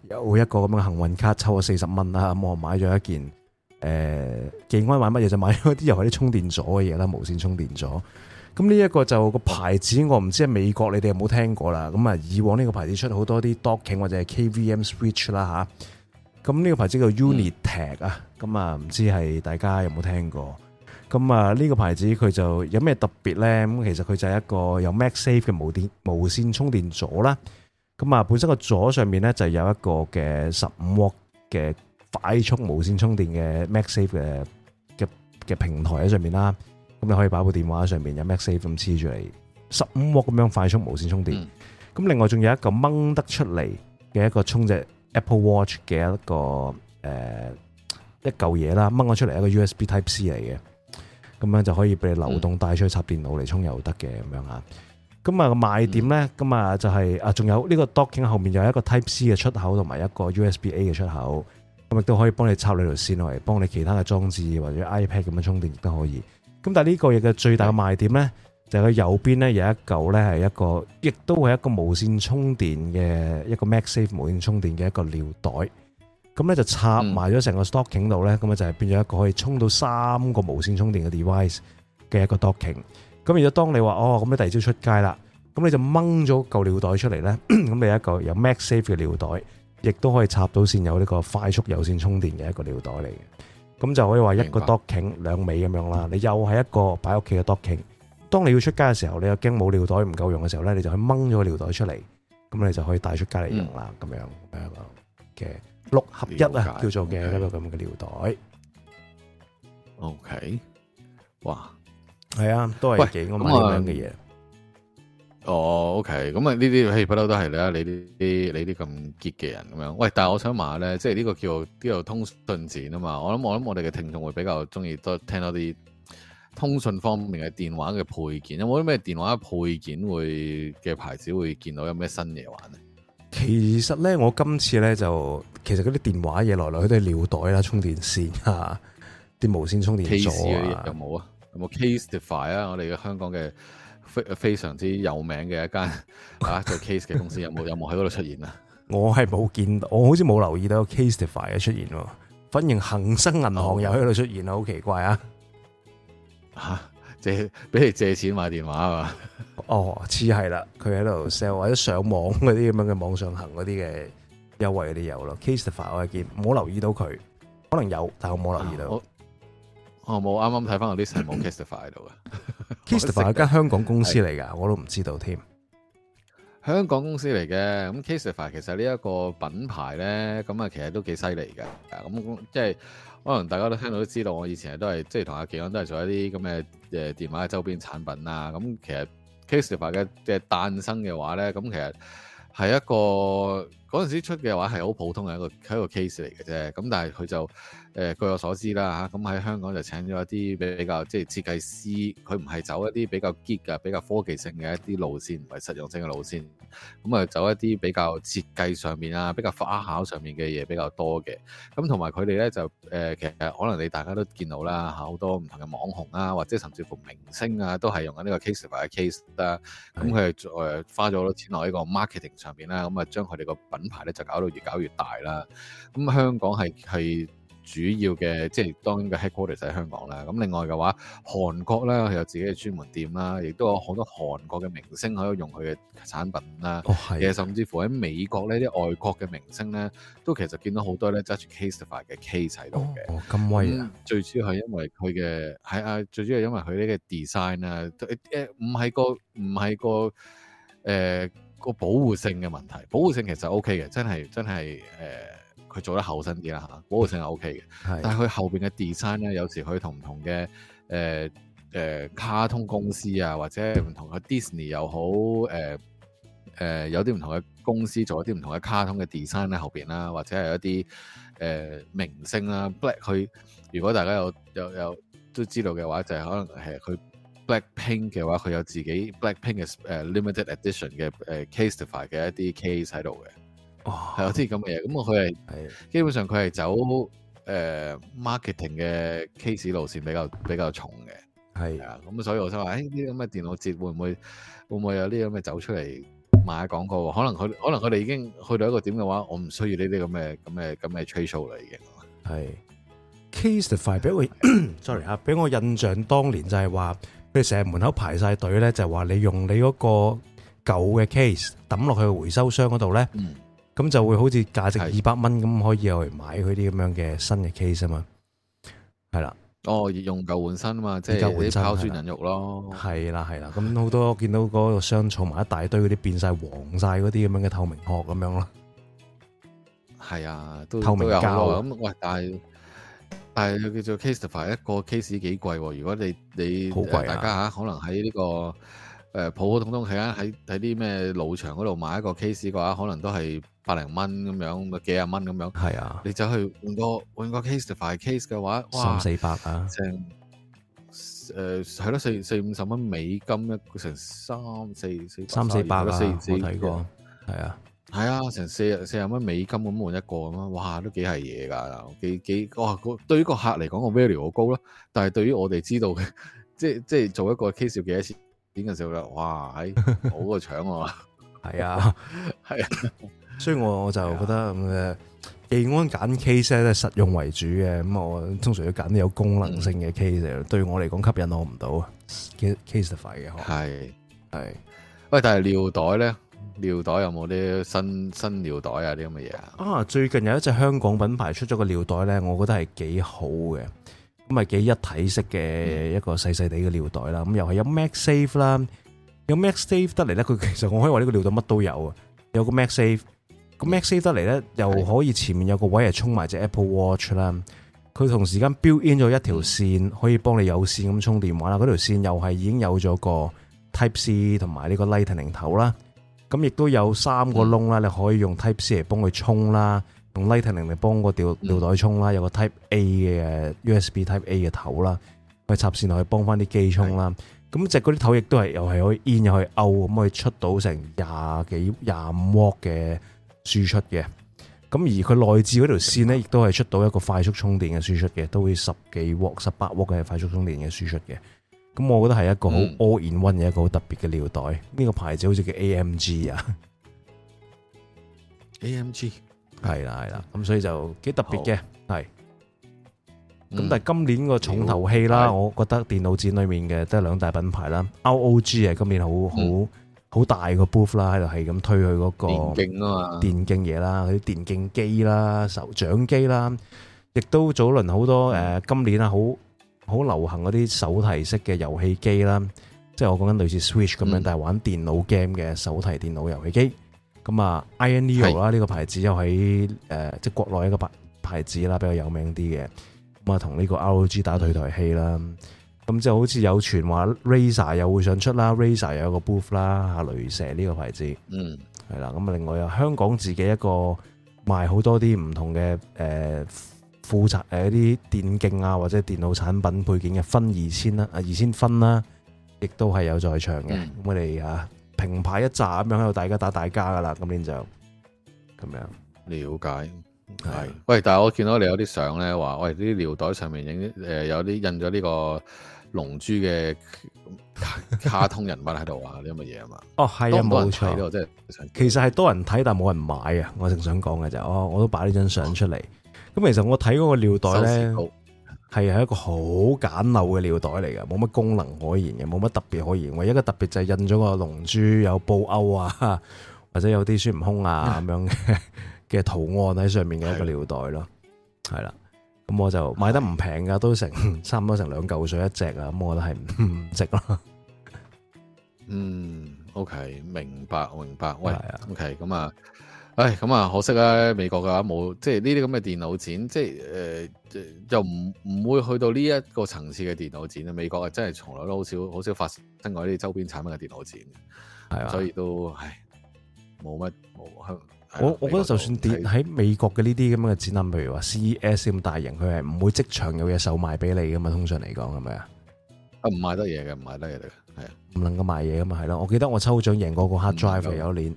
Speaker 1: 有一個咁嘅幸運卡抽咗四十蚊啦，我買咗一件誒、呃、技安買乜嘢就買咗啲又係啲充電座嘅嘢啦，無線充電座。咁呢一個就個牌子，我唔知係美國，你哋有冇聽過啦。咁啊，以往呢個牌子出好多啲 Docking 或者係 KVM Switch 啦、啊。咁呢個牌子叫 Unitex 啊，咁啊唔知係大家有冇聽過？咁啊呢個牌子佢就有咩特別咧？咁其實佢就係一個有 MagSafe 嘅無電無線充電座啦。咁啊本身個座上面咧就有一個嘅十五瓦嘅快速無線充電嘅 MagSafe 嘅嘅嘅平台喺上面啦。咁你可以擺部電話喺上面有 MagSafe 咁黐住嚟，十五瓦咁樣快速無線充電。咁另外仲有一個掹得出嚟嘅一個充電。Apple Watch 嘅一個、呃、一舊嘢啦，掹咗出嚟一個 USB Type C 嚟嘅，咁樣就可以俾你流動帶出去插電腦嚟充又得嘅咁樣啊，咁、啊、啊個賣點咧，咁、就係、啊就係啊仲有呢個 Docking 後面有一個 Type C 嘅出口，同埋一個 USB A 嘅出口，咁亦都可以幫你插你條線落嚟，幫你其他嘅裝置或者 iPad 咁樣充電亦都可以。咁但係呢個嘢嘅最大嘅賣點咧。就佢右邊咧有一嚿咧係一個，亦都係一個無線充電嘅一個 MagSafe 無線充電嘅一個尿袋，咁咧就插埋咗成個 Docking 度咧，咁啊就係變咗一個可以充到三個無線充電嘅 Device 嘅一個 Docking。咁如果當你話哦，咁你第二朝出街啦，咁你就掹咗嚿尿袋出嚟咧，咁你有一嚿有 MagSafe 嘅尿袋，亦都可以插到線有呢個快速有線充電嘅一個尿袋嚟嘅，咁就可以話一個 Docking 兩尾咁樣啦。你又係一個擺屋企嘅 Docking。當你要出街嘅時候，你又驚冇尿袋唔夠用嘅時候咧，你就可以掹咗個尿袋出嚟，咁你就可以帶出街嚟用啦。咁、嗯、樣嘅六合一啊，叫做嘅一個咁嘅尿袋。
Speaker 2: OK，哇，
Speaker 1: 係啊，都係幾咁文樣嘅嘢。
Speaker 2: 哦，OK，咁、嗯、啊，呢啲嘿不嬲都係啦。你啲你啲咁傑嘅人咁樣。喂，但係我想問咧，即係呢個叫做、這個、叫做通訊展啊嘛。我諗我諗我哋嘅聽眾會比較中意多聽多啲。通訊方面嘅電話嘅配件，有冇啲咩電話嘅配件會嘅牌子會見到有咩新嘢玩咧？
Speaker 1: 其實咧，我今次咧就其實嗰啲電話嘢來來去都係尿袋啦，充電線啊，啲無線充電座有
Speaker 2: 冇啊？有冇 Casetify 啊？我哋嘅香港嘅非非常之有名嘅一間 啊，做 Case 嘅公司有冇，有冇喺嗰度出現啊？
Speaker 1: 我係冇見到，我好似冇留意到 Casetify 嘅出現咯。反而恒生銀行又喺度出現啊，好、啊、奇怪啊！
Speaker 2: 吓、啊、借俾你借錢買電話啊
Speaker 1: 嘛哦似係啦佢喺度 sell 或者上網嗰啲咁樣嘅網上行嗰啲嘅優惠嗰啲有咯 Kastify 我係見冇留意到佢可能有但係我冇留意到、
Speaker 2: 啊、我冇啱啱睇翻個 list 係冇 Kastify 到嘅 Kastify 係
Speaker 1: 間香港公司嚟噶我都唔知道添。
Speaker 2: 香港公司嚟嘅，咁 Casetify 其實呢一個品牌咧，咁啊其實都幾犀利嘅，咁即係可能大家都聽到都知道，我以前都係即係同阿琪安都係做一啲咁嘅誒電話嘅周邊產品啊。咁其實 Casetify 嘅即係誕生嘅話咧，咁其實係一個嗰陣時出嘅話係好普通嘅一個一個 case 嚟嘅啫。咁但係佢就。誒，據我所知啦，咁喺香港就請咗一啲比比較即係設計師，佢唔係走一啲比較激嘅、比較科技性嘅一啲路線，唔係實用性嘅路線。咁啊走一啲比較設計上面啊、比較花巧上面嘅嘢比較多嘅。咁同埋佢哋咧就其實可能你大家都見到啦，好多唔同嘅網紅啊，或者甚至乎明星啊，都係用緊呢個 case 為嘅 case 啦。咁佢係花咗好多錢落喺個 marketing 上面啦，咁啊將佢哋個品牌咧就搞到越搞越大啦。咁香港係係。主要嘅即係當然個 headquarters 喺香港啦，咁另外嘅話，韓國咧佢有自己嘅專門店啦，亦都有好多韓國嘅明星可以用佢嘅產品啦。哦，係。嘅甚至乎喺美國呢啲外國嘅明星咧，都其實見到好多咧揸住 Casetify 嘅 case 喺度嘅。哦，咁威啊！最主要係因為佢嘅係啊，最主要係因為佢呢個 design 啊，誒唔係個唔係個誒個保護性嘅問題，保護性其實 OK 嘅，真係真係誒。呃佢做得厚身啲啦，嚇、OK，保護性係 OK 嘅。但係佢後邊嘅 design 咧，有時佢同唔同嘅誒誒卡通公司啊，或者唔同嘅 Disney 又好，誒、呃、誒、呃、有啲唔同嘅公司做一啲唔同嘅卡通嘅 design 喺後邊啦、啊，或者係一啲誒、呃、明星啦、啊，Black 佢如果大家有有有都知道嘅話，就係、是、可能係佢 Black Pink 嘅話，佢有自己 Black Pink 嘅誒、呃、limited edition 嘅誒、呃、Casetify 嘅一啲 case 喺度嘅。係有啲咁嘅嘢，咁佢係基本上佢係走誒、呃、marketing 嘅 case 路線比較比較重嘅，係啊，咁所以我就話，誒呢啲咁嘅電腦節會唔會會唔會有呢啲咁嘅走出嚟賣廣告？可能佢可能佢哋已經去到一個點嘅話，我唔需要呢啲咁嘅咁嘅咁嘅吹數係
Speaker 1: case 俾我 sorry 吓，俾 我印象當年就係話，譬如成日門口排晒隊咧，就係、是、話你用你個舊嘅 case 抌落去回收箱度咧。嗯咁就會好似價值二百蚊咁，可以又嚟買佢啲咁樣嘅新嘅 case 啊嘛，係啦。
Speaker 2: 哦，要用舊換新啊嘛，即係你烤豬人肉咯。係啦，係啦，
Speaker 1: 咁好、嗯嗯、多見到嗰個箱儲埋一大堆嗰啲變晒黃晒嗰啲咁樣嘅透明殼咁樣咯。
Speaker 2: 係啊，都透明膠都有好多咁。喂，但係但係叫做 caseify 一個 case 幾貴喎？如果你你好貴大家嚇可能喺呢、這個。誒普普通通喺喺喺啲咩老場嗰度買一個 case 嘅話，可能都係百零蚊咁樣，幾廿蚊咁樣。係啊，你就去換個換個 Casetify case 嘅話，哇，三四百啊，成誒係咯，四四五十蚊美金一個，成三四四三四百啊，四四睇過係啊，係啊，成四廿四廿蚊美金咁換一個咁啊，哇，都幾係嘢㗎，幾幾哇個對於個客嚟講個 value 好高咯，但係對於我哋知道嘅， 即即係做一個 case 要幾多錢？邊嘅時候咧，哇，喺、哎、好個搶啊！係 是啊，係 是、啊 啊，所以我我就覺得，
Speaker 1: 誒、啊，既然揀 case 咧係實用為主嘅，咁我通常要揀啲有功能性嘅 case，、嗯、對我嚟講吸引我唔到啊，case 費嘅，係、嗯、
Speaker 2: 係，喂，但係尿袋咧，尿袋有冇啲新新尿袋啊啲咁嘅嘢啊？啊，最近有一隻香港品牌出咗個尿袋咧，我覺得係幾好嘅。咁
Speaker 1: 係幾一體式嘅一個細細地嘅尿袋啦，咁又係有 MagSafe 啦，有 MagSafe 得嚟咧，佢其實我可以話呢個尿袋乜都有啊，有個 MagSafe，個 MagSafe 得嚟咧，又可以前面有個位係充埋隻 Apple Watch 啦，佢同時間 build in 咗一條線，可以幫你有線咁充電話啦，嗰條線又係已經有咗個 Type C 同埋呢個 Lightning 頭啦，咁亦都有三個窿啦，你可以用 Type C 嚟幫佢充啦。用 Lightning 嚟幫個吊尿袋充啦，有個 Type A 嘅 USB Type A 嘅頭啦，可以插線落去幫翻啲機充啦。咁隻嗰啲頭亦都係又係可以 in 又可以 out，咁可以出到成廿幾廿五瓦嘅輸出嘅。咁而佢內置嗰條線呢，亦都係出到一個快速充電嘅輸出嘅，都會十幾瓦、十八瓦嘅快速充電嘅輸出嘅。咁我覺得係一個好 All in One 嘅一個好特別嘅尿袋。呢、這個牌子好似叫 AMG 啊，AMG。係啦，係啦，咁所以就幾特別嘅，係。咁但係今年個重頭戲啦，我覺得電腦展裏面嘅都係兩大品牌啦。ROG 啊，今年好好好大個 booth 啦，喺度係咁推佢嗰個電競啊嘛，電競嘢啦，嗰啲電競機啦，手掌機啦，亦都早輪好多誒，今年啊好好流行嗰啲手提式嘅遊戲機啦，即係我講緊類似 Switch 咁樣，但係玩電腦 game 嘅手提電腦遊戲機。咁啊，Ineo 啦，呢、這個牌子又喺誒、呃，即係國內一個牌牌子啦，比較有名啲嘅。咁啊，同呢個 ROG 打對台戲啦。咁即係好似有傳話，Razer 又會想出啦，Razer 又有一個 Booth 啦，雷蛇呢個牌子。嗯，係啦。咁啊，另外有香港自己一個賣好多啲唔同嘅誒、呃、副雜誒一啲電競啊或者電腦產品配件嘅分二千啦，二千分啦，亦都係有在場嘅。咁我哋嚇。平排一扎咁樣喺度大家打大家噶啦，咁樣就
Speaker 2: 咁樣了解係。喂，但係我見到你有啲相咧，話喂呢啲尿袋上面影誒、呃、有啲印咗呢個龍珠嘅卡通人物喺度啊，啲乜嘢啊嘛？
Speaker 1: 哦係啊，冇錯，即係其實係多人睇但係冇人買啊。我正想講嘅就，哦，多多我，我都擺呢張相出嚟。咁、哦、其實我睇嗰個尿袋咧。係係一個好簡陋嘅尿袋嚟噶，冇乜功能可言嘅，冇乜特別可言。唯一嘅特別就係印咗個龍珠，有布歐啊，或者有啲孫悟空啊咁樣嘅嘅圖案喺上面嘅一個尿袋咯。係啦，咁我就買得唔平噶，都成差唔多成兩嚿水一隻啊。咁、嗯嗯、我覺得係唔值咯。
Speaker 2: 嗯，OK，明白，明白。喂，OK，咁啊。唉，咁啊，可惜啊。美國嘅話冇，即係呢啲咁嘅電腦展，即係誒，即係又唔唔會去到呢一個層次嘅電腦展啦。美國係真係從來都好少，好少發生過呢啲周邊產品嘅電腦展嘅，
Speaker 1: 係啊，所以
Speaker 2: 都唉，冇乜冇，我我覺得就
Speaker 1: 算點喺美國嘅呢啲咁嘅展覽，譬如話 CES 咁大型，佢係唔會即場有嘢售賣俾你噶嘛？通常嚟講係咪啊？啊，
Speaker 2: 唔賣得嘢嘅，唔賣得嘢嘅，係
Speaker 1: 啊，唔能夠賣嘢噶嘛，係咯。我記得我抽獎贏嗰個 hard drive 有一年。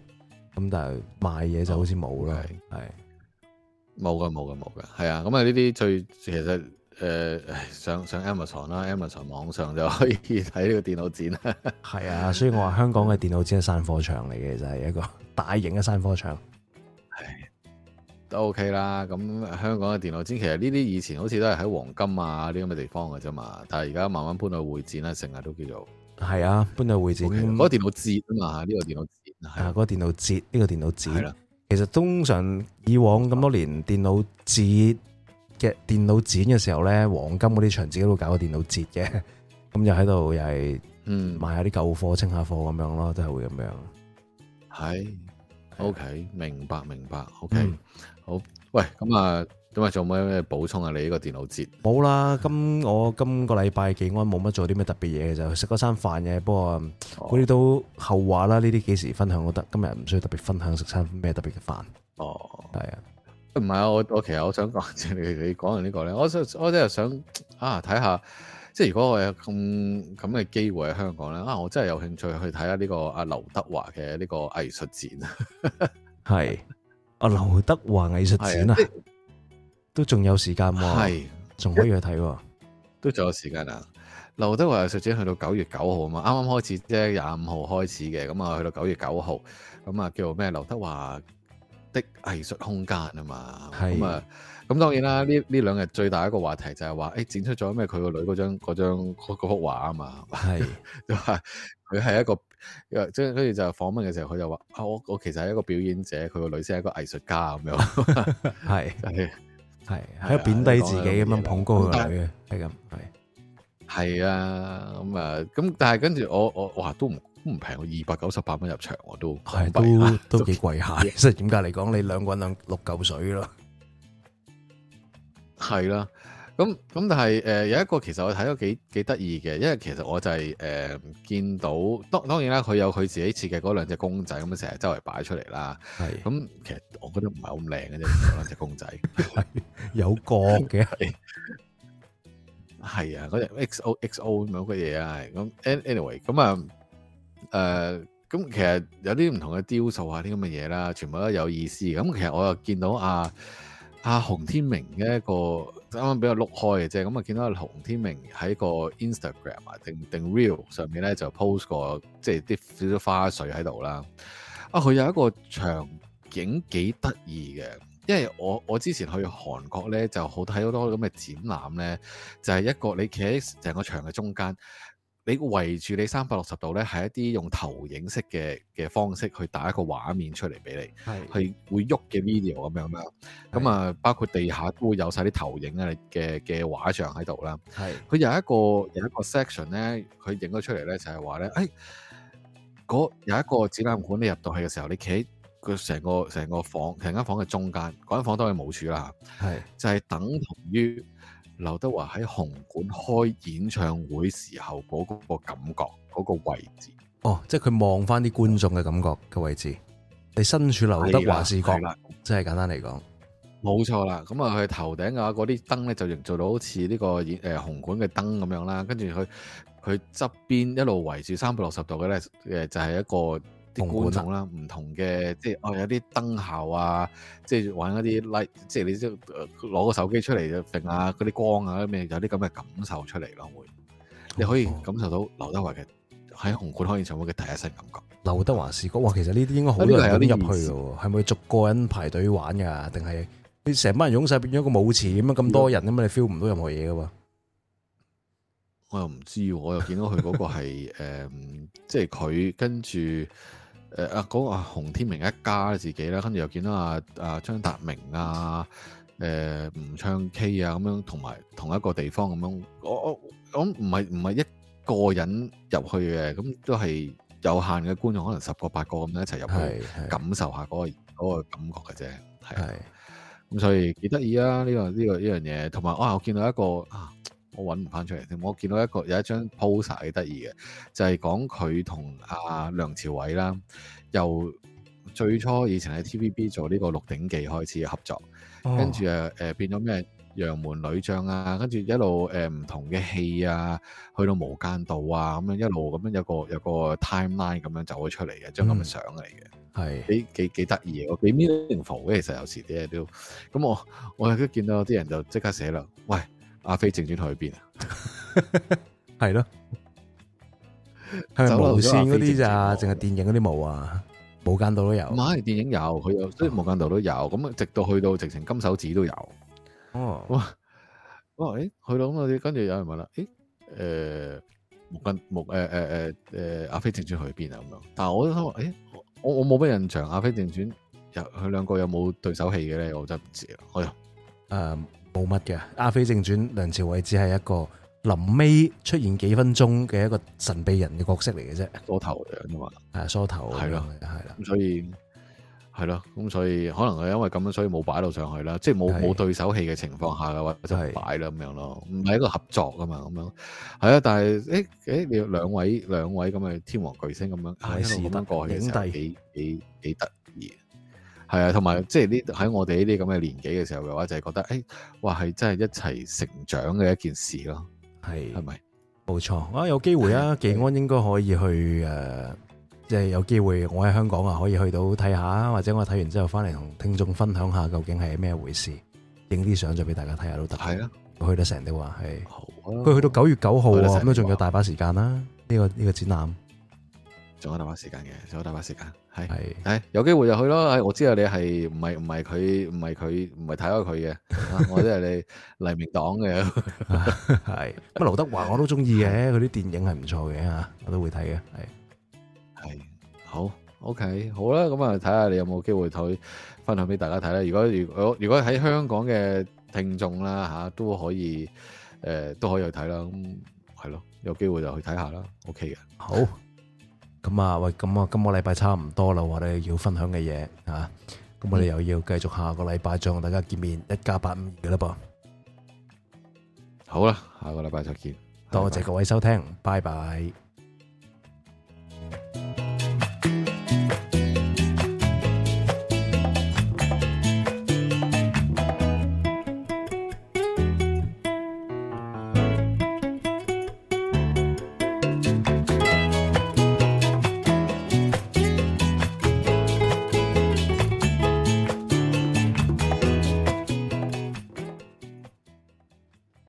Speaker 1: 咁但係賣嘢就好似冇啦，係
Speaker 2: 冇噶冇噶冇噶，係啊！咁啊呢啲最其實誒、呃、上上 Amazon 啦，Amazon 網上就可以睇呢個電腦展啦。係啊，所以
Speaker 1: 我話香港嘅電腦展係散貨場嚟嘅，嗯，就係、是，一個大型嘅散貨場。係
Speaker 2: 都 OK 啦。咁香港嘅電腦展其實呢啲以前好似都係喺黃金啊呢咁嘅地方嘅啫嘛，但係而家慢慢搬到會展啦，成日都叫做
Speaker 1: 係啊，搬到會展。嗰，嗯，這個電腦節啊嘛，呢個電腦。啊！那個電腦節呢個電腦展，其實通常以往咁多年電腦節嘅電腦展嘅時候咧，黃金嗰啲場子自己都搞個電腦節嘅，咁就喺度又係嗯賣下啲舊貨清下貨咁樣咯，
Speaker 2: 都係會咁樣。係，OK，明白明白，嗯，OK，好，喂，咁啊。咁啊，仲有冇咩補充啊？你呢個電腦節冇啦。今，我
Speaker 1: 今個禮拜幾安冇乜做啲咩特別嘢嘅，就食咗餐飯嘅。不過呢啲都後話啦。呢啲幾時分享都得。今日唔需要特別分享食餐咩特別嘅飯。哦，係啊，唔
Speaker 2: 係啊，我我其實我想講，你你講完呢個咧，我我真係想啊睇下，即係如果我有咁咁嘅機會喺香港咧，啊，我真係有興趣去睇下呢個阿劉德華嘅呢個藝術展， 展
Speaker 1: 啊。係劉德華藝術展啊。都仲有時間喎、啊，係仲可以去睇喎、啊，
Speaker 2: 都仲有時間啊！劉德華嘅藝術展去到九月九號啊嘛，啱啱開始即係，廿五號開始嘅，咁啊去到九月九號，咁啊叫做咩？劉德華的藝術空間啊嘛，咁啊，咁當然啦，呢呢兩日最大一個話題就係話，誒、欸、展出咗咩？佢個女嗰張嗰張幅畫啊嘛，係，佢 係一個，即係跟住就訪問嘅時候，佢就話啊，我我其實係一個表演者，佢個女先係一個藝術家咁樣，係 是。 就是係喺度貶低自己咁樣捧高佢個女嘅，係咁，係係啊，咁但係跟住我我我話都唔都唔平，二百九十八蚊入場我都我都我都幾貴下嘅，即係點解嚟講？你兩個人六嚿水咯，係啦、啊。咁咁，但係誒、呃、有一個其實我睇到幾幾得意嘅，因為其實我就係、是、誒、呃、見到，當當然啦，佢有佢自己設計嗰兩隻公仔咁樣成日周圍擺出嚟啦。係咁，其實我覺得唔係好靚嘅啫，嗰兩隻公仔。
Speaker 1: 有個嘅係
Speaker 2: 係啊，嗰、那、隻、個、XO XO 咁樣嘅嘢啊。咁 anyway 咁啊誒，咁、呃、其實有啲唔同嘅雕塑啊，啲咁嘅嘢啦，全部都有意思。咁其實我又見到啊。阿、啊、洪天明嘅一個啱啱俾我碌開嘅啫，咁啊見到阿洪天明喺個 Instagram 啊定定 Reel 上面咧就 post 個即係啲少少花絮喺度啦。啊，佢有一個場景幾得意嘅，因為我我之前去韓國咧就好睇好多咁嘅展覽咧，就係、是、一個你企喺成個場嘅中間。你圍住你三百六十度咧，係一啲用投影式嘅嘅方式去打一個畫面出嚟俾你，係，係會喐嘅 video 咁樣樣啦。咁啊，包括地下都會有晒啲投影啊嘅嘅畫像喺度啦。係，佢有一個有一個 section 咧，佢影咗出嚟咧就係話咧，誒、哎，嗰有一個展覽館，你入到去嘅時候，你企喺佢成個成個房成間房嘅中間，嗰間房當然冇柱啦，係，就係、係、等同於。劉德華喺紅館開演唱會時候嗰個感覺，嗰個位置，哦，即係佢望
Speaker 1: 翻啲觀眾嘅感覺嘅位置，你身處劉德華視角，即係簡單嚟講，
Speaker 2: 冇錯啦。咁啊，佢頭頂嘅話，嗰啲燈咧就營造到好似呢個演誒、呃、紅館嘅燈咁樣啦。跟住佢佢側邊一路圍住三百六十度嘅咧，誒就係一個。觀眾啦，唔同嘅，即係我有啲燈效啊，即係玩一啲 light，即係你即攞個手機出嚟啊，揈下嗰啲光啊咩，有啲咁嘅感受出嚟咯，會你可以感受到劉德華嘅喺紅館開演唱會嘅第一身感覺。劉德
Speaker 1: 華視覺，哇，其實呢啲應該好多人入去嘅，係咪逐個人排隊玩噶？定係你成班人湧晒變咗個舞池咁啊？咁多人啊嘛，你 feel 唔到任何嘢噶？
Speaker 2: 我又唔知，我又見到佢嗰個係誒、 嗯，即係佢跟住。誒、呃、啊！嗰個洪天明一家自己啦，跟住又見到啊啊張達明啊，誒唔唱 K 啊咁樣，同埋同一個地方咁樣，我我我唔係唔係一個人入去嘅，咁都係有限嘅觀眾，可能十個八個咁樣一齊入去感受下嗰個嗰個感覺嘅啫，係咁所以幾得意啊！呢個呢個呢樣嘢，同埋我見到一個啊～我揾唔翻出嚟添。我見到一個有一張 poster 幾得意嘅，就係講佢同阿梁朝偉啦，由最初以前喺 TVB 做呢個《鹿鼎記》開始合作，跟住誒誒變咗咩《楊門女將》啊，跟住一路誒唔、呃、同嘅戲啊，去到《無間道》啊，咁樣一路咁樣有個有個 timeline 咁樣走咗出嚟嘅，張咁嘅相嚟嘅，係幾幾幾得意嘅，我 beautiful 嘅，其實有時啲嘢都咁，我我又都見到有啲人就即刻寫啦，喂！阿飛正傳去邊啊？係咯，
Speaker 1: 係無線嗰啲咋，
Speaker 2: 淨係電影嗰啲冇啊，無 間道都有。唔係，電影有，佢有，所以無間道都有。咁、嗯、啊，直到去到直情金手指都有。哦，哇，哇，誒，去到咁啲，跟住有人問啦，誒、哎，誒、呃，武間武誒誒誒誒，阿飛正傳去邊啊？咁樣。但係我都諗，誒、哎，我我冇乜印象，阿飛正傳有佢兩個有冇對手戲嘅咧，我真唔知啦。哎呀、呃，誒、嗯。冇乜嘅《阿飛正傳》，梁朝偉只係一個
Speaker 1: 臨尾出現幾分鐘嘅一個神秘人嘅角色嚟嘅啫，梳頭樣啊嘛，係梳頭，
Speaker 2: 係咯，係啦，咁所以係咯，咁所以可能佢因為咁樣，所以冇擺到上去啦，即係冇冇對手戲嘅情況下嘅話，就擺啦咁樣咯，唔係一個合作㗎嘛，咁樣係啊，但係誒誒，你有兩位兩位咁嘅天王巨星咁樣，哎、啊、咁樣過去，影帝，幾幾幾得意。係啊，同埋即係呢喺我哋呢啲咁嘅年紀嘅時候嘅話，就係、是、覺得，誒、哎，哇，係真係一齊成長嘅一件事咯，係係咪？冇錯
Speaker 1: 啊，有機會啊，技安應該可以去誒，即、呃、係、就是、有機會，我喺香港啊，可以去到睇下，或者我睇完之後翻嚟同聽眾分享一下究竟係咩回事，影啲相再俾大家睇下都得。係啊，去得成都話係，佢、啊、去、去到九月九號、哦嗯、還啊，咁啊仲有大把時間啦。呢個呢個展覽
Speaker 2: 仲有大把時間嘅，仲有大把時間。係係，誒，有機會就去咯。係，我知道你係唔係唔係佢，唔係佢，唔係睇開佢嘅。我即係你黎明黨嘅，係。咁
Speaker 1: 啊，劉德華我都中意嘅，佢啲電影係唔錯嘅吓，我都會睇嘅。
Speaker 2: 係係，好，OK，好啦，咁啊，睇下你有冇機會去分享俾大家睇啦。如果如如果喺香港嘅聽眾啦吓，都可以誒，都可以去睇啦。咁係咯，有機會就去睇下啦。OK 嘅，好。咁啊，喂，咁啊
Speaker 1: 今個禮拜差唔多啦，話咧要分享嘅嘢啊，咁、嗯、我哋又要繼續下個禮拜再同大家見面一家八五二嘅啦噃。好啦，下個禮拜再見，多謝各位收聽，拜拜。拜拜。